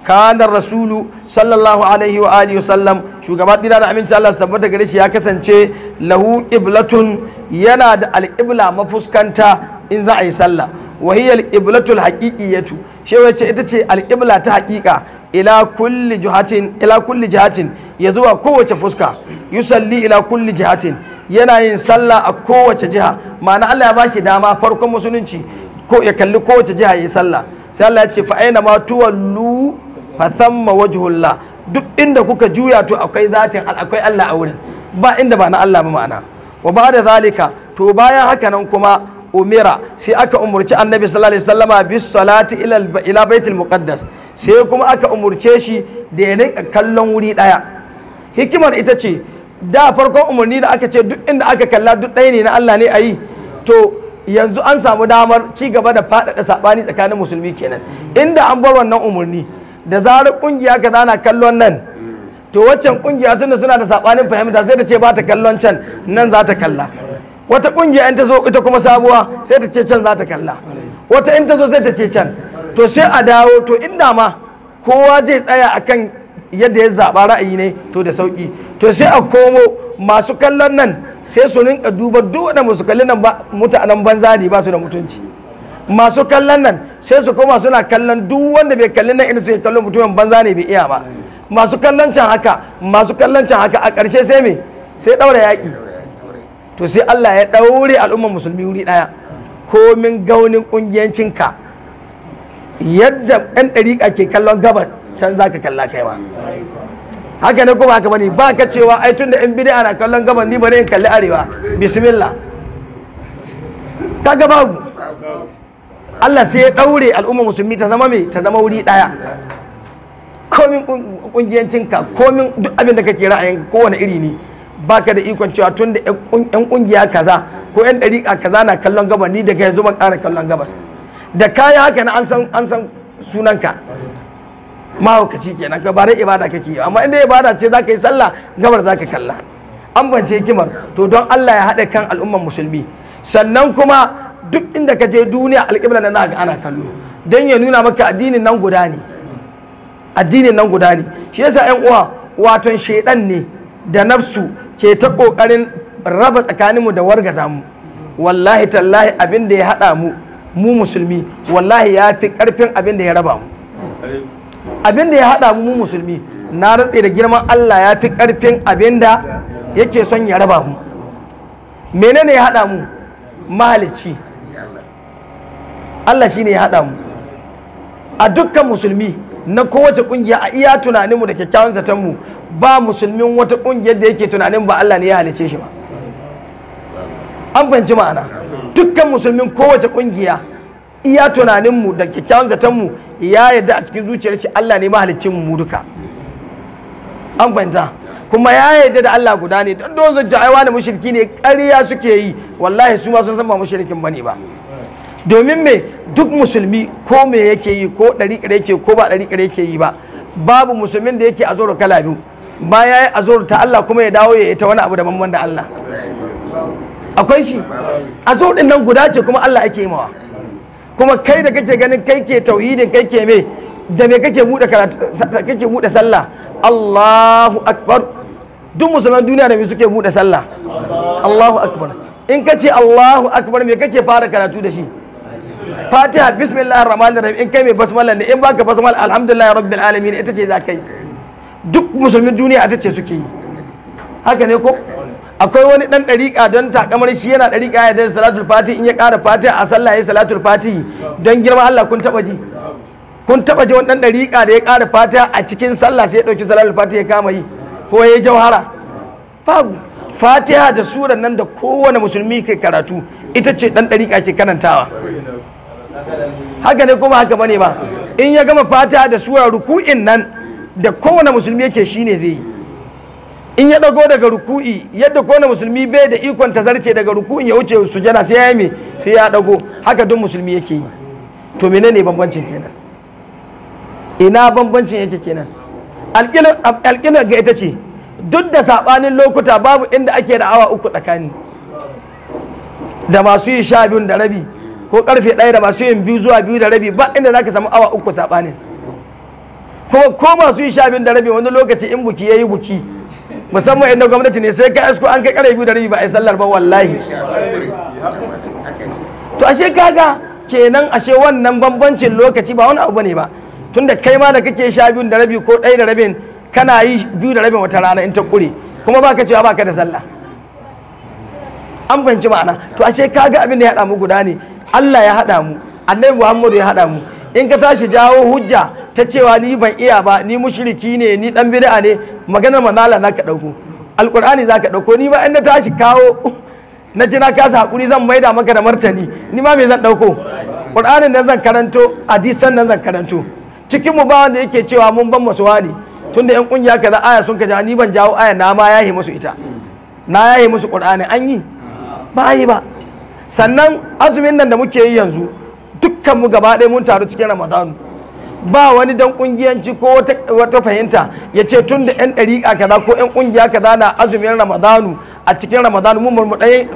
kanar rasulu sallallahu alaihi wa alihi wasallam shugaba dina da aminci Allah su tabbata gare ya kasance lahu qiblatun yana da alqibla mafuskanta in za a yi sallah wa hiya alqiblatul haqiqiyatu shi wace ita ce alqibla ta haqiqa ila kulli jihatin ya zuwa kowace fuska yusalli ila kulli jihatin yana yin sallah a kowace jiha ma'ana Allah ya bashi dama farkon musulunci ya kalli kowace jiha ya yi sallah sai Allah ya ce fa aina ma tuwallu fathamma wajhullah duk inda kuka juya to akwai zatin akwai Allah a wurin ba inda ba na Allah ba ma'ana wa ba da zalika to bayan haka nan kuma umira sai aka umurci annabi sallallahu alaihi wasallama bis salati ila ila baitul muqaddas sai kuma aka umurce shi da ya rinka kallon wuri daya hikimar ita ce da farkon umarni da aka ce duk inda aka kalla duk ɗaya ne na Allah ne ayi to yanzu an samu damar ci gaba da faɗaɗa saɓani tsakanin musulmi kenan inda an bar wannan umarni da zarar kungiya kaza na kallon nan to waccan kungiya tunda suna da sabanin fahimta sai ta ce ba ta kallon can nan za ta kalla wata kungiya in ta zo ita kuma sabuwa sai ta ce can za ta kalla wata in ta zo sai ta ce can to sai a dawo to inda ma kowa zai tsaya akan yadda ya zaɓa ra'ayi ne to da sauƙi to sai a komo masu kallon nan sai su rinka duba duk da musu kalli nan ba mutanen banza ne ba su da mutunci masu kallon nan sai su koma suna kallon duk wanda bai kalli nan inda suke kallon mutumin banza ne bai iya ba masu kallon can haka masu kallon can haka a ƙarshe sai me sai daura yaƙi to sai Allah ya ɗaure al'ummar musulmi wuri daya komin gaunin ka yadda ɗan ɗariƙa ke kallon gabas can za ka kalla kai ba haka ne kuma haka bane ba ka cewa ai tunda yan bid'a ana kallon gaban ni bare in kalli arewa bismillah kaga babu Allah sai ya daure al'umma musulmi ta zama mai ta zama wuri daya komin kungiyancinka komin duk abin da kake ra'ayin kowane iri ne baka da ikon cewa tun da yan kungiya kaza ko yan dariƙa kaza na kallon gabas ni daga yanzu ban ƙara kallon gabas da kaya haka na an san an san sunanka mahaukaci kenan ka bare ibada kake amma inda ibada ce zaka yi sallah gabar zaka kalla an bance hikimar to don Allah ya haɗa kan al'ummar musulmi sannan kuma duk inda ka je duniya alƙibla na ga ana kallo don ya nuna maka addinin nan guda ne addinin nan guda ne shi yasa yan uwa waton shaidan ne da nafsu ke ta kokarin raba tsakaninmu da wargaza mu wallahi tallahi abin da ya haɗa mu mu musulmi wallahi ya fi ƙarfin abin da ya raba mu abin da ya haɗa mu mu musulmi na ratse da girman Allah ya fi ƙarfin abin da yake son ya raba mu menene ya haɗa mu mahalicci Allah shi ne ya haɗa mu a dukkan musulmi na kowace ƙungiya a iya tunaninmu da kyakkyawan zatonmu ba musulmin wata ƙungiyar da yake tunanin ba Allah ne ya halice shi ba an fahimci ma'ana dukkan musulmin kowace ƙungiya iya tunaninmu da kyakkyawan zatonmu ya yarda a cikin zuciyar shi Allah ne mahalicin mu duka an fahimta kuma ya yarda da Allah guda ne don don zai ja'aiwa da mushriki ne ƙarya suke yi wallahi su ma sun san ba mushrikin bane ba domin me duk musulmi ko me yake yi ko ɗariƙar yake ko ba ɗariƙar yake yi ba babu musulmin da yake azuru kala biyu baya ya azoro ta Allah kuma ya dawo ya ita wani abu da mamman da Allah akwai shi azuru din nan guda ce kuma Allah ake yi mawa kuma kai da kake ganin kai ke tauhidin kai ke me da me kake buɗe karatu kake buɗe sallah Allahu akbar duk musulman duniya da me suke buɗe sallah Allahu akbar in kace Allahu akbar me kake fara karatu da shi fatiha bismillahir rahmanir rahim in kai mai basmala ne in baka basmala alhamdulillah rabbil alamin ita ce za duk musulmin duniya ita ce suke yi haka ne ko akwai wani dan dariƙa don kamar shi yana dariƙa ya da salatul fatihi in ya ƙara fatiha a sallah ya salatul fatihi don girma Allah kun taba ji kun taba ji wani dan dariƙa da ya ƙara fatiha a cikin sallah sai ya dauki salatul fatihi ya kama yi ko ya yi jauhara babu fatiha da surar nan da kowane musulmi ke karatu ita ce dan dariƙa ke karantawa haka ne kuma haka bane ba in ya gama fata da sura ruku'in nan da kowane musulmi yake shine zai yi in ya dago daga ruku'i yadda kowane musulmi bai da ikon tazarce daga ruku'in ya wuce sujana sai ya yi me sai ya dago haka duk musulmi yake yi to menene bambancin kenan ina bambancin yake kenan alƙilar ga ita ce duk da saɓanin lokuta babu inda ake da awa uku tsakani da masu yi sha biyun da rabi ko karfe ɗaya da masu yin biyu zuwa biyu da rabi ba inda ka samu awa uku saɓanin kuma ko masu yi sha biyu da rabi wani lokaci in buki ya yi buki musamman inda gwamnati ne sai ka asko an kai kare biyu da rabi ba a yi sallar ba wallahi to ashe kaga kenan ashe wannan bambancin lokaci ba wani abu ne ba tunda kai ma da kake sha biyu da rabi ko ɗaya da rabin kana yi biyu da rabin wata rana in ta kure kuma ba ka cewa ka da sallah an fahimci ma'ana to ashe kaga abin da ya haɗa mu guda ne Allah ya haɗa mu annabi Muhammadu ya haɗa mu in ka tashi jawo hujja ta cewa ni ban iya ba ni mushriki ne ni dan bid'a ne maganar manala na ka ɗauko alƙur'ani za ka ɗauko ni ba in na tashi kawo na ji na kasa haƙuri zan maida maka da martani ni ma me zan dauko Ƙur'ani nan zan karanto hadisan nan zan karanto cikin mu ba wanda yake cewa mun ban masu tunda yan kungiya kaza aya sun kaja ni ban jawo aya na ma yahi musu ita na yahi musu ƙur'ani an yi ba yi ba sannan azumin nan da muke yi yanzu dukkan mu gaba ɗaya mun taru cikin ramadanu ba wani dan kungiyanci ko wata fahimta ya ce tun da 'yan ɗariƙa kaza ko 'yan ƙungiya kaza na azumin ramadanu a cikin ramadanu mun mu ɗaya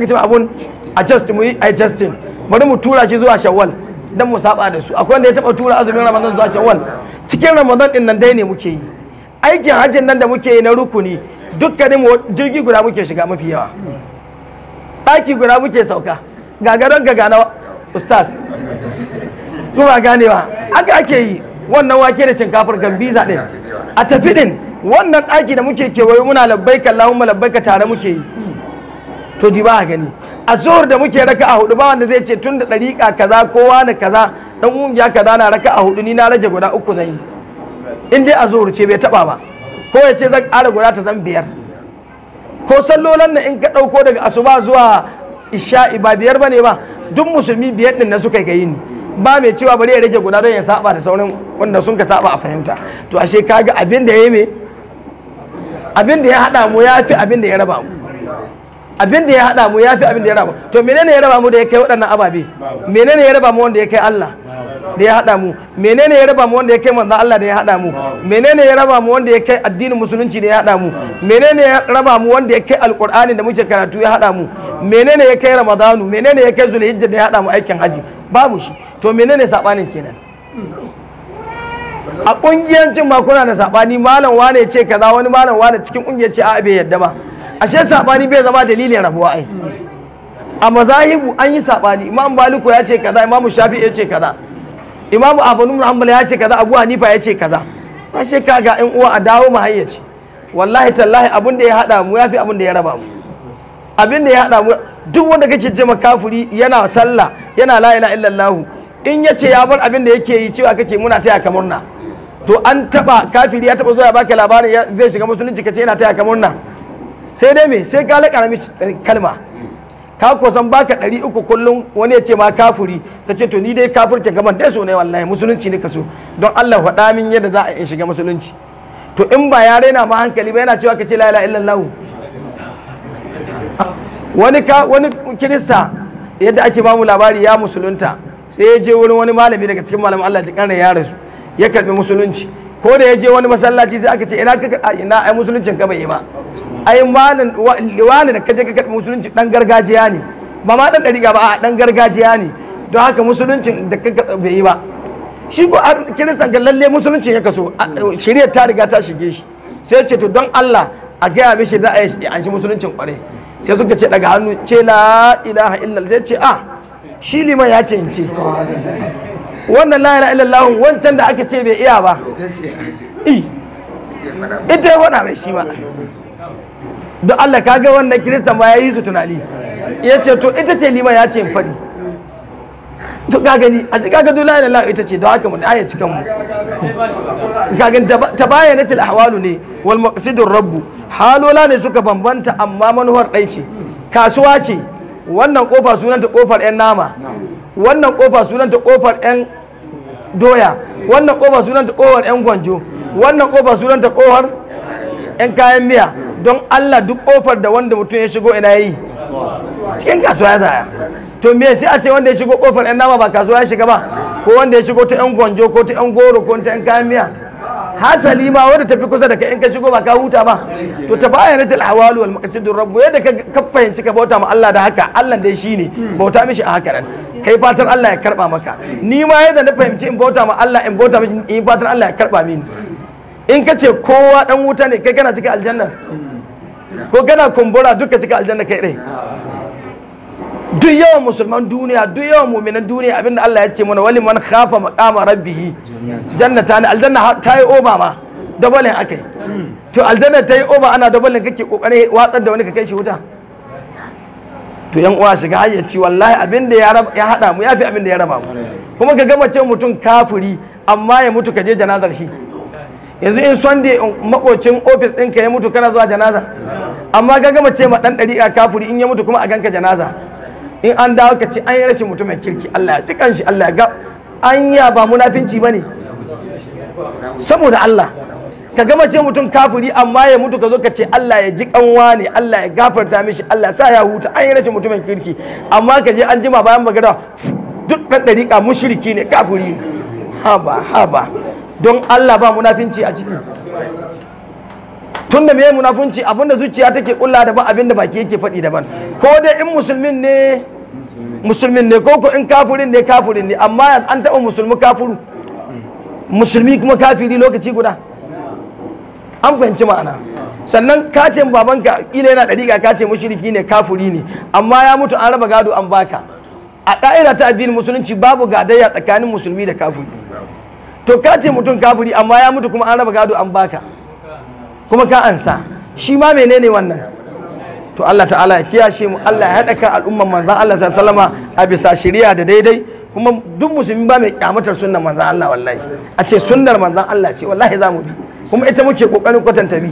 mu ce abun a just mu yi a justin bari mu tura shi zuwa shawwal dan mu saba da su akwai wanda ya taɓa tura azumin ramadan zuwa shawwal cikin ramadan din nan dai ne muke yi aikin hajjin nan da muke yi na rukuni dukkanin jirgi guda muke shiga mafi yawa ɗaki guda muke sauka gagaron ga ganawa ustaz kuma ganewa aka ake yi wannan wake da shinkafar gambiza ɗin a tafi ɗin wannan ɗaki da muke kewaye muna labbaika Allahumma ka tare muke yi to di ba a gani a zuhur da muke raka a hudu ba wanda zai ce tun da ɗariƙa kaza kowa na kaza dan ƙungiya kaza na raka a hudu ni na rage guda uku zan yi in dai a zuhur ce bai taɓa ba ko ya ce zan ƙara guda ta zan biyar ko sallolan na in ka ɗauko daga asuba zuwa isha'i ba biyar bane ba duk musulmi biyar ɗin na suka ga yini ba mai cewa bari ya rage guda don ya saba da sauran wanda sun ka saba a fahimta to ashe kaga abin da ya yi me abin da ya haɗa mu ya fi abin da ya raba mu abin da ya haɗa mu ya fi abin da ya raba to menene ya raba mu da ya kai waɗannan ababe menene ya raba mu wanda ya kai Allah da ya haɗa mu menene ya raba mu wanda ya kai manzo Allah da ya haɗa mu menene ya raba mu wanda ya kai addinin musulunci da ya haɗa mu menene ya raba mu wanda ya kai alqur'ani da muke karatu ya haɗa mu menene ya kai ramadanu menene ya kai zulhijja da ya haɗa mu aikin haji babu shi to menene sabanin kenan a kungiyancin ma kuna da sabani malam wane ce kaza wani malam wane cikin kungiyar ce a bai yadda ba ashe sabani bai zama dalilin rabuwa ai a mazahibu an yi sabani imam baliku ya ce kaza imam shafi ya ce kaza imam abunu muhammad ya ce kaza abu hanifa ya ce kaza ashe kaga in uwa a dawo mu hayyaci wallahi tallahi abin da ya hada mu yafi abin da ya raba mu abin da ya hada mu duk wanda kake ce kafuri yana sallah yana la ilaha illallah in yace ya bar abin da yake yi cewa kake muna taya kamurna. to an taba kafiri ya taba zuwa ya baka labarin zai shiga musulunci kace yana taya kamurna. murna sai dai me sai ka laƙa mishi eh, kalma ka san baka ɗari uku kullum wani ya ce ma kafuri ta ce to ni dai kafirce gaban dai so ne wallahi musulunci ne ka so don Allah faɗa min yadda za a yi shiga musulunci to in ba ya raina ma hankali ba yana cewa ka ce la ilaha illallah wani ka wani kirista yadda ake bamu labari ya musulunta sai ya je wurin wani malami daga cikin malamin Allah ji kana ya rasu ya karbi musulunci ko da ya je wani masallaci sai aka ce ina ka ina ai musuluncin ka bai yi ba ai wanan wanan da kaje ga musulunci dan gargajiya ne ba ma dan dariga ba a dan gargajiya ne don haka musuluncin da ka bai yi ba shi ko kiristan ga lalle musuluncin ya kaso shirya ta riga ta shige shi sai ce to don Allah a gaya mishi da a yi an shi musuluncin kware. sai suka ce daga hannu ce la ilaha illal sai ce a ah, shi liman ya ce in ce wannan la ilaha illallah wancan da aka ce bai iya ba ita ya fada mai shi ba don Allah kaga wannan kirista ma ya yi su tunani ya ce to ita ce liman ya ce in faɗi to ka gani a shi kaga dole da ita ce don haka mu aya cikin mu kagan til ahwalu ne wal maqsidur rabbu halola ne suka bambanta amma manuwar ɗai ce kasuwa ce wannan kofa sunanta kofar yan nama wannan kofa sunanta kofar yan doya wannan kofa sunanta kofar yan gwanjo wannan kofa sunanta kofar yan kayan miya don Allah duk ofar da wanda mutum ya shigo ina yi cikin kasuwa ya zaya to me sai a ce wanda ya shigo kofar yan nama ba kasuwa ya shiga ba ko wanda ya shigo ta yan gwanjo ko ta yan goro ko ta yan kayan miya hasali ma wanda tafi kusa da kai in ka shigo ba ka huta ba to ta bayyana ta alhawalu wal maqsidur rabbu yadda ka fahimci ka bauta ma Allah da haka Allah dai shine bauta mishi a haka nan kai fatan Allah ya karba maka ni ma yadda na fahimci in bauta ma Allah in bauta mishi in fatan Allah ya karba mini in ka ce kowa dan wuta ne kai kana cikin aljanna ko kana kumbura duka cika aljanna kai rai duk yawan musulman duniya duk yawan muminan duniya abinda Allah ya ce mana wali man khafa maqama rabbih jannata ne aljanna ta yi oba ma dabalin akai to aljanna ta yi oba ana dabalin kake kokare watsar da wani ka kai shi wuta to yan uwa shiga hayyaci wallahi abinda ya ya hada mu yafi abinda ya raba mu kuma ka ga mace mutum kafiri amma ya mutu ka je janazar shi yanzu in sunday makocin ofis ɗinka ya mutu kana zuwa janaza amma ga gama ce ma ɗan a kafuri in ya mutu kuma a ganka janaza in an dawo ka ce an yi rashin mutumin kirki Allah ya tukan shi Allah ya ga an ya ba munafinci ba ne saboda Allah ka gama ce mutum kafuri amma ya mutu ka zo ka ce Allah ya ji kanwa ne Allah ya gafarta mishi Allah sa ya huta an yi rashin mutumin kirki amma ka je an jima bayan magana duk ɗan ka mushriki ne kafuri ne haba haba don Allah ba munafinci a ciki tunda me munafunci abinda zuciya take kulla daban abinda baki yake faɗi daban ko dai in musulmin ne musulmin ne ko ko in kafirin ne kafirin ne amma an taɓa musulmi kafiru musulmi kuma kafiri lokaci guda an fahimci ma'ana sannan kacin babanka kila yana dariƙa ka ce mushriki ne kafiri ne amma ya mutu an raba gado an baka a ɗa'ira ta addinin musulunci babu gadayya tsakanin musulmi da kafiri to ka ce mutum kafiri amma ya mutu kuma an raba gado an baka kuma ka ansa shi ma menene wannan to Allah ta'ala ya kiyashe mu Allah ya haɗa ka al'umman manzan Allah wasallama a bisa shari'a da daidai kuma duk musulmi ba mai kyamatar sunnar manzan Allah wallahi a ce sunnar manzan Allah ce wallahi za mu bi kuma ita muke kokarin kwatanta bi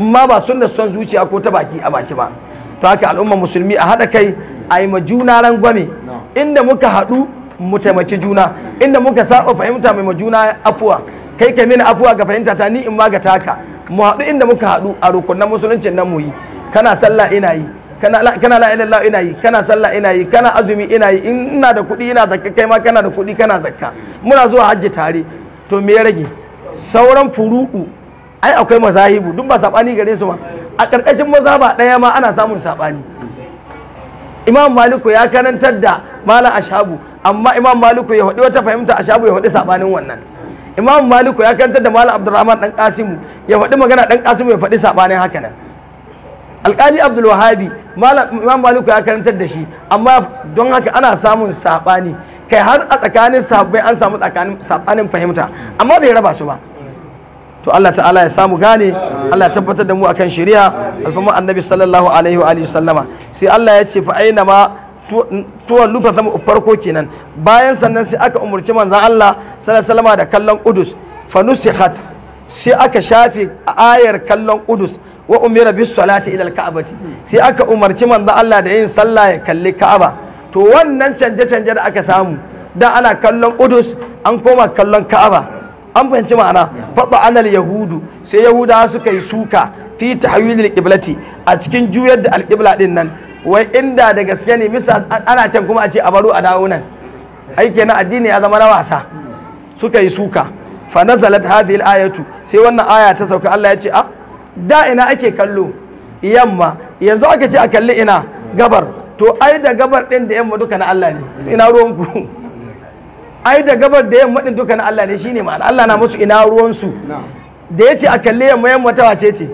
amma ba sunnar son zuciya ko ta baki a baki ba to haka al'umman musulmi a haɗa kai a yi ma juna rangwame inda muka haɗu mu taimaki juna inda muka saba fahimta mai juna afuwa kai ka mini afuwa ga fahimta ta ni in ma taka mu haɗu inda muka haɗu a rukunan musuluncin nan mu yi kana sallah ina yi kana la ilaha ina yi kana sallah ina yi kana azumi ina yi ina da kuɗi ina zakka kai ma kana da kuɗi kana zakka muna zuwa hajji tare to me ya rage sauran furu'u ai akwai mazahibu duk ba sabani gare su ma a ƙarƙashin ba ɗaya ma ana samun sabani imam maliku ya karantar da malam ashabu amma imam maliku ya hudu wata fahimta a shabu ya hudu saɓanin wannan imam maliku ya kanta da malam abdurrahman dan kasimu ya faɗi magana dan kasimu ya faɗi saɓanin haka nan alƙali abdul wahabi imam maliku ya karantar da shi amma don haka ana samun saɓani kai har a tsakanin sabbai an samu tsakanin sabanin fahimta amma bai raba su ba to Allah ta'ala ya samu gane Allah ya tabbatar da mu akan shari'a alfama annabi sallallahu alaihi wa alihi sallama sai Allah ya ce fa aina ma tuwon lufa ta farko kenan bayan sannan sai aka umarci manzan Allah sallallahu da kallon Kudus. fa Hat, sai aka shafe ayar kallon Qudus wa umira bis salati ila al-ka'bati sai aka umarci manzan Allah da yin sallah ya kalli Ka'aba to wannan canje canje da aka samu da ana kallon Qudus an koma kallon Ka'aba an fahimci ma'ana fada anal yahudu sai yahudawa suka yi suka fi tahwilil qiblati a cikin juyar da alqibla din nan wai inda da gaske ne misa ana can kuma a ce a baro a dawo nan ai kenan addini ya zama na wasa suka yi suka fa nazalat hadhihi ayatu sai wannan aya ta sauka Allah ya ce a ah, da ina ake kallo yamma yanzu aka ce a kalli ina gabar to ai da gabar din da yamma duka na Allah ne ina ruwan ku [LAUGHS] ai da gabar da yamma din duka na Allah ne shine ma? Allah na musu ina ruwan su da ya ce a kalli yamma yamma ta wace ce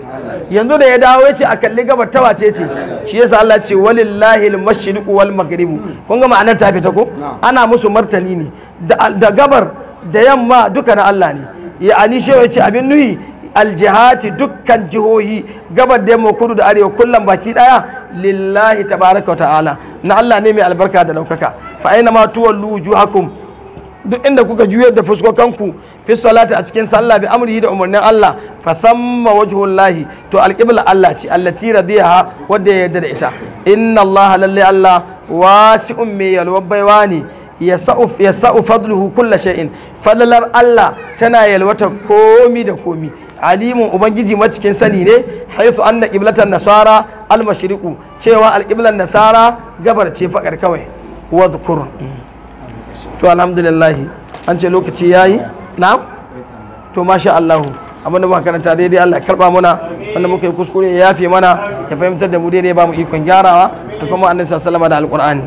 yanzu da ya dawo ya ce a kalli gabar ta wace ce shi yasa Allah ce walillahi al wal maghribu kun ga ma'anar ta fita ko ana musu martani ne da gabar da yamma duka na Allah ne ya ani ya ce abin nuhi aljihati dukkan jihohi gabar da yamma kudu da arewa kullum baki daya lillahi tabaraka wa ta'ala na Allah ne mai albarka da daukaka fa aina ma tuwallu wujuhakum duk inda kuka juyar da fuskokanku fi salati a cikin sallah bi amrihi da umarnin Allah fa thamma wajhullahi to alqibla Allah ce allati radiyaha wadda ya yarda da ita inna Allah Allah wasi'un mai yalwabaiwani ne yasa'u fadluhu kulla shay'in falalar Allah tana yalwata komi da komi alimun ubangiji macikin sani ne haifu anna qiblatan nasara almashriqu cewa alqiblan nasara gabar ce fakar kawai wadhkur to alhamdulillah an ce lokaci ya yi na to masha Allah abinda muka karanta daidai Allah ya karba mana wanda muka yi kuskure ya yafe mana ya fahimtar da mu daidai ba mu ikon gyarawa da kuma annabi sallallahu da alqur'ani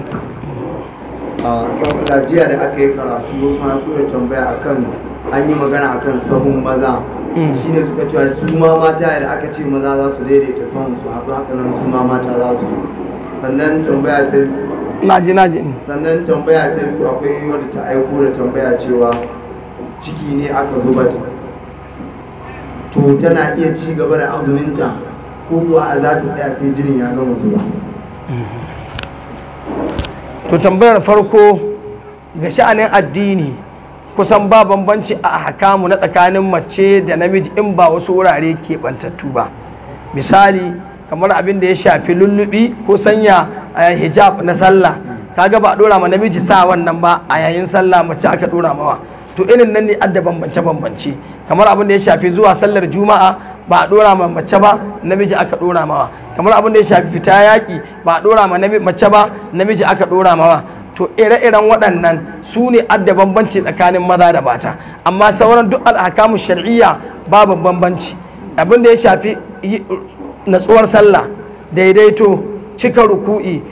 a kan jiya da aka yi karatu wasu an kura tambaya akan an yi magana akan sahun maza mm. shine suka cewa su ma mata da aka ce maza za su daidaita sahun su a haka nan su ma mata za su sannan tambaya ta naji naji sannan tambaya ta biyu akwai wadda ta aiko da tambaya cewa ciki ne aka ta, to tana iya ci gaba da azuminta ko kuwa a za ta tsaya sai jinin ya gama zuba to tambayar farko ga sha'anin addini kusan ba bambanci a hakamu na tsakanin mace da namiji in ba wasu wurare ke bantattu ba misali kamar abin da ya shafi lullubi ko sanya hijab na sallah kaga ba a dora ma namiji sa wannan ba a yayin sallah mace aka dora mawa to irin nan ne adda bambance bambance kamar abin da ya shafi zuwa sallar juma'a ba a dora ma mace ba namiji aka dora mawa kamar abin da ya shafi fita yaki ba a dora ma mace ba namiji aka dora mawa to ire-iren waɗannan su ne adda bambanci tsakanin maza da mata amma sauran duk al'akamun shar'iyya babu bambanci abin da ya shafi natsuwar sallah daidaito cika ruku'i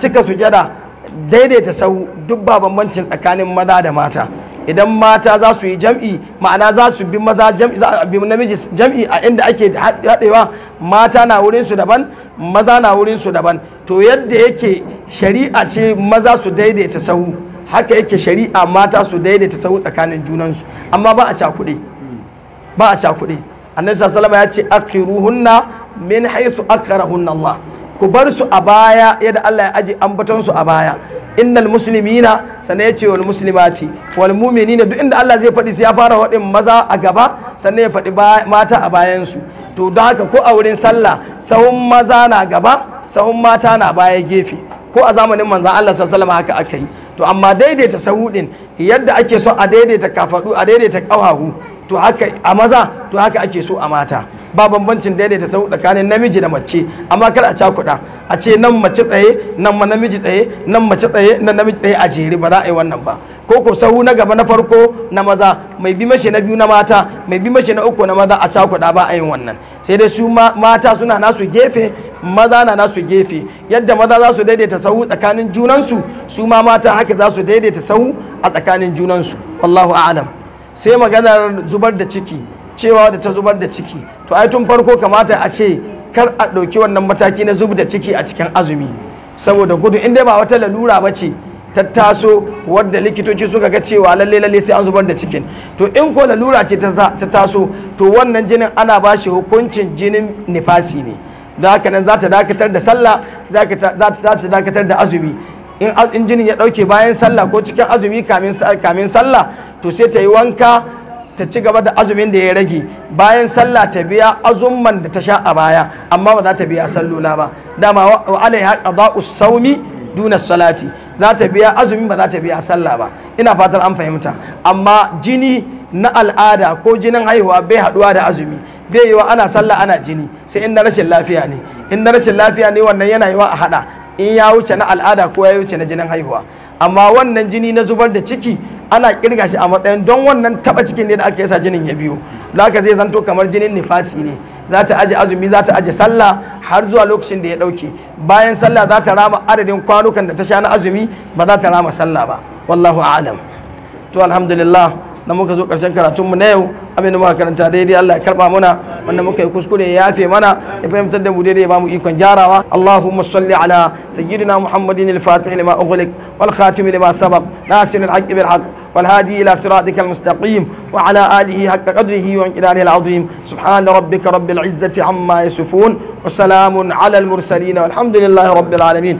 cika sujada daidaita sahu duk ba bambancin tsakanin maza da mata idan mata za su yi jam'i ma'ana za su bi maza jam'i namiji jam'i a inda ake haɗewa mata na wurin su daban maza na wurin su daban to yadda yake shari'a ce maza su daidaita sahu haka yake shari'a mata su daidaita sahu tsakanin junansu amma ba a cakuɗe ba a cakuɗe annabi sallallahu ya ce akhiruhunna min haythu akrahunna Allah ku bar su a baya yadda Allah ya aji ambaton su a baya innal muslimina sannan ya ce wal muslimati wal mu'minina duk inda Allah zai faɗi sai ya fara waɗin maza a gaba sannan ya faɗi mata a bayan su to don haka ko a wurin sallah sahun maza na gaba sahun mata na baya gefe ko a zamanin manzon Allah sallallahu haka aka yi to amma daidaita sahu yadda ake so a daidaita kafadu a daidaita ƙafahu to haka a maza to haka ake so a mata ba bambancin daidaita sau tsakanin namiji da mace amma kar a cakuɗa a ce nan mace tsaye nan ma namiji tsaye nan mace tsaye nan namiji tsaye a jere ba za a yi wannan ba ko ko sahu na gaba na farko na maza mai bi mashi na biyu na mata mai bi mashi na uku na maza a cakuɗa ba a yi wannan sai dai su mata suna nasu gefe maza na nasu gefe yadda maza za su daidaita sahu tsakanin junansu su ma mata haka za su daidaita sahu a tsakanin junansu wallahu a'lam sai maganar zubar da ciki cewa da ta zubar da ciki to ai tun farko kamata a ce kar a ɗauki wannan mataki na zub da ciki a cikin azumi saboda gudu in dai ba wata lalura ba ce ta taso wadda likitoci suka ga cewa lalle lalle sai an zubar da cikin to in ko lalura ce ta taso to wannan jinin ana ba shi hukuncin jinin nifasi ne da haka nan za ta dakatar da sallah za ta dakatar da azumi in injinin ya ɗauke bayan sallah ko cikin azumi kamin sallah to sai ta yi wanka ta ci gaba da azumin da ya rage bayan sallah ta biya azumman da ta sha a baya amma ba za ta biya sallola ba dama wa alaiha qada'u sawmi duna salati za ta biya azumi ba za ta biya sallah ba ina fatar an fahimta amma jini na al'ada ko jinin haihuwa bai haduwa da azumi bai yiwa ana sallah ana jini sai in na rashin lafiya ne in na rashin lafiya ne wannan yana yiwa a hada in ya wuce na al'ada ko ya wuce na jinin haihuwa amma wannan jini na zubar da ciki ana kirga shi a matsayin don wannan taba cikin ne da aka yasa jinin ya biyo laka zai zanto kamar jinin nifasi ne za ta aje azumi za ta aje sallah har zuwa lokacin da ya dauke bayan sallah za ta rama adadin kwanukan da ta sha na azumi ba za ta rama sallah ba wallahu a'lam to alhamdulillah na muka zo karshen karatunmu na yau amin mu muka karanta daidai Allah ya karba muna wanda muka yi kuskure ya yafe mana ya fahimtar da mu daidai ya bamu ikon gyarawa Allahumma salli ala sayyidina Muhammadin al-Fatih lima ughliq wal khatim lima sabaq nasir al-haqq bil haqq wal hadi ila siratika al-mustaqim wa ala alihi haqqa qadrihi wa inqidarihi al-azim subhan rabbika rabbil izzati amma yasifun wa salamun ala al-mursalin walhamdulillahi rabbil alamin